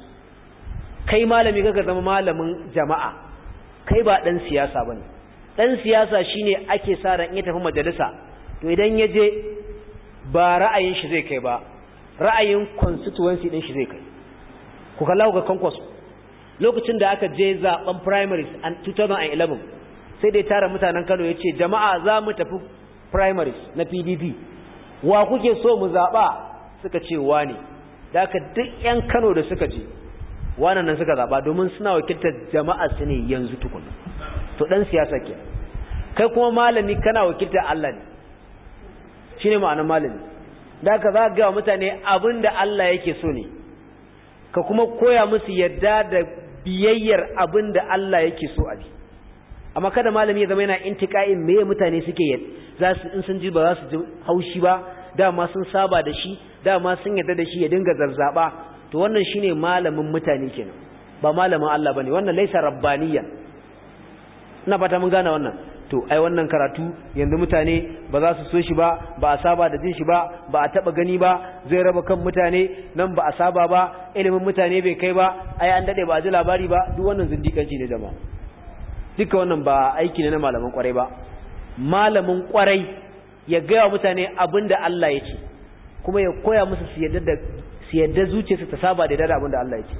kai malami gaga zama malamin jama'a kai ba ɗan siyasa bane ɗan siyasa shine ake sa ran ya tafi majalisa to idan ya je ba ra'ayin shi zai kai ba ra'ayin constituency din shi zai kai ku kalla ku ga concourse lokacin da aka je zaben primaries a 2011 sai dai tara mutanen Kano yace jama'a za mu tafi primaries na PDP wa kuke so mu zaba suka ce wani da aka duk yan Kano da suka je wannan nan suka zaba domin suna wakiltar jama'a su ne yanzu tukuna to dan siyasa ke kai kuma malami kana wakiltar Allah ne ne ma'anar malami da ka za ga mutane abin da Allah yake so ne ka kuma koya musu yadda da biyayyar abin da Allah yake so a bi amma kada malami ya zama yana intiqa'in me mutane suke za su in sun ji ba za su ji haushi ba dama sun saba da shi dama sun yadda da shi ya dinga zarzaba to wannan shine malamin mutane kenan ba malamin Allah bane wannan laisa rabbaniyya ina fata mun gane wannan to ai wannan karatu yanzu mutane ba za su so shi ba ba a saba da jin shi ba ba a taba gani ba zai raba kan mutane nan ba a saba ba ilimin mutane bai kai ba ai an dade ba a ji labari ba duk wannan zindikanci ne jama'a duka wannan ba aiki ne na malaman kwarai ba malamin kwarai ya gaya wa mutane abin da Allah ya ce kuma ya koya musu su yadda da su yadda zuciyarsu ta saba da yadda abin da Allah ya ce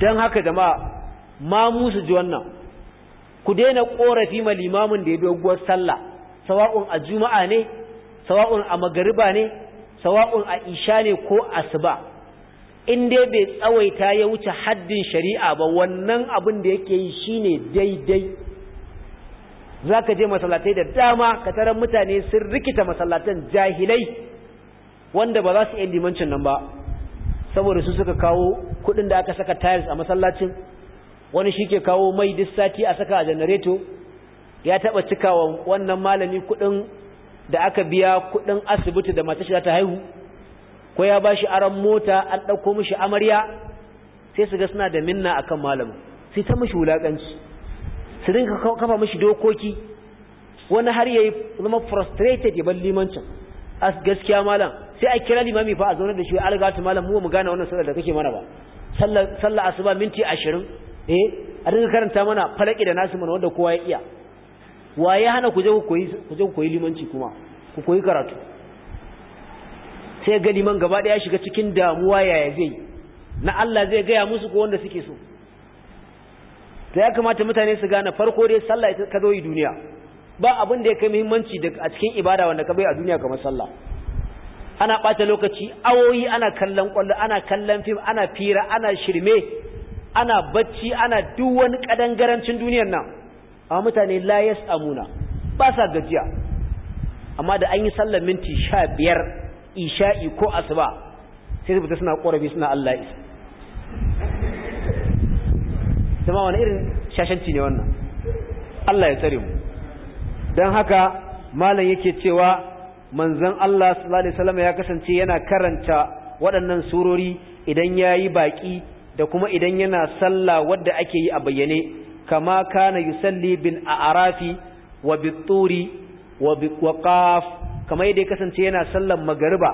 dan haka jama'a ma musu ji wannan ku daina korafi ma limamin da ya doguwar sallah sawa'un a juma'a ne sawa'un a magariba ne sawa'un a isha ne ko asuba in dai bai tsawaita ya wuce haddin shari'a ba wannan abin da yake yi shine daidai zaka je masallatai da dama ka tarar mutane sun rikita masallatan jahilai wanda ba za su iya limancin nan ba saboda su suka kawo kuɗin da aka saka tiles a masallacin wani shi ke kawo mai duk sati a saka a janareto ya taɓa cikawa wannan malami kuɗin da aka biya kuɗin asibiti da mace ta haihu ko ya ba shi aron mota an ɗauko mishi amarya sai su ga suna da minna akan malamin sai ta mishi wulaƙanci su dinka kafa mishi dokoki wani har yayi zama frustrated ya bar limancin as gaskiya malam sai a kira limami fa a zaune da shi ta malam mu mu gane wannan sallar da kake mana ba sallar asuba minti ashirin eh a dinga karanta mana falaki da nasu mana wanda kowa ya iya waye hana ku je ku koyi limanci kuma ku koyi karatu sai ga liman gaba daya shiga cikin damuwa yaya zai na Allah zai gaya musu ko wanda suke so Da ya kamata mutane su gane farko dai sallah ita ka zo yi duniya ba abin da ya kai muhimmanci a cikin ibada wanda ka bai a duniya kamar sallah ana ɓata lokaci awoyi ana kallon kwallo ana kallon fim ana fira ana shirme ana bacci ana duk wani ƙadangarancin duniyar nan a mutane la amuna ba sa gajiya amma da an yi sallar minti sha biyar isha'i ko asuba sai zubuta suna korafi suna Allah isa zama wani irin shashanci ne wannan Allah ya tsare mu don haka malam yake cewa manzan Allah sallallahu alaihi ya kasance yana karanta waɗannan surori idan ya yi baƙi. da kuma idan yana sallah wadda ake yi a bayyane kama kana yusalli bin a'rafi wa bituri wa Qaf. kamar yadda kasance yana sallan magariba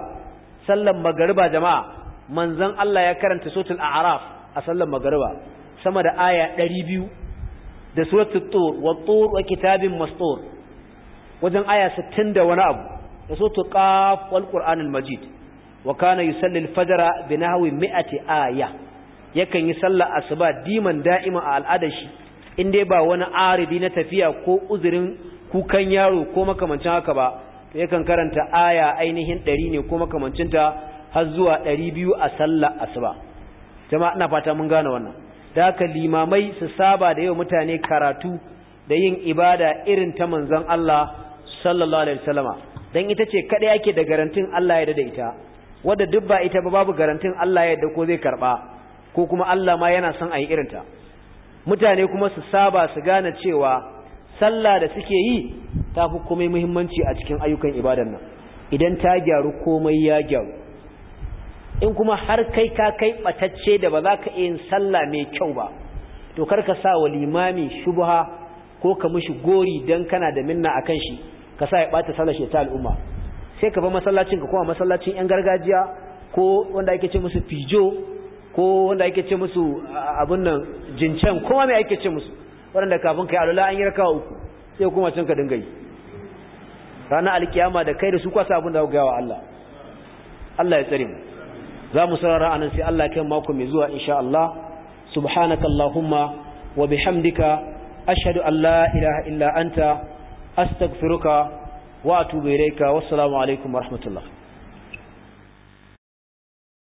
sallan magariba jama'a manzon Allah ya karanta suratul a'raf a sallan magariba sama da aya 200 da suratul tur wa tur wa kitabin mastur wajen aya 60 da wani abu da suratul qaf wal qur'anul majid wa kana yusalli al-fajr bi nahwi 100 aya yakan yi sallah asuba diman da'ima a al'adar shi in dai ba wani aridi na tafiya ko uzurin kukan yaro ko makamancin haka ba to yakan karanta aya ainihin ɗari ne ko ta har zuwa ɗari biyu a sallar asuba jama'a ina fata mun gane wannan da haka limamai su saba da yau mutane karatu da yin ibada irin ta manzon Allah sallallahu alaihi wasallama dan ita ce kada yake da garantin Allah ya da ita wanda duk ba ita ba babu garantin Allah ya da ko zai karba ko kuma Allah ma yana son a yi irinta mutane kuma su saba su gane cewa sallah da suke yi ta fi komai muhimmanci a cikin ayyukan ibadan nan idan ta gyaru komai ya gyaru in kuma har kai ka kai batacce da ba za ka yin sallah mai kyau ba to kar ka sa wa limami shubha ko ka mishi gori dan kana da minna a kan shi ka sa ya ɓata sallar shi ta al'umma sai ka bar masallacin ka kuma masallacin yan gargajiya ko wanda ake ce musu fijo ko wanda ake ce musu abun nan jincen kowa mai ake ce musu waɗanda kafin kai alula an yi raka uku sai kuma can ka dinga yi ranar alkiyama da kai da su kwasa abun da ga wa Allah Allah ya tsare mu za mu sarara anan sai Allah kai mako mai zuwa insha Allah subhanaka allahumma wa bihamdika ashhadu an la ilaha illa anta astaghfiruka wa atubu ilayka wassalamu alaikum warahmatullahi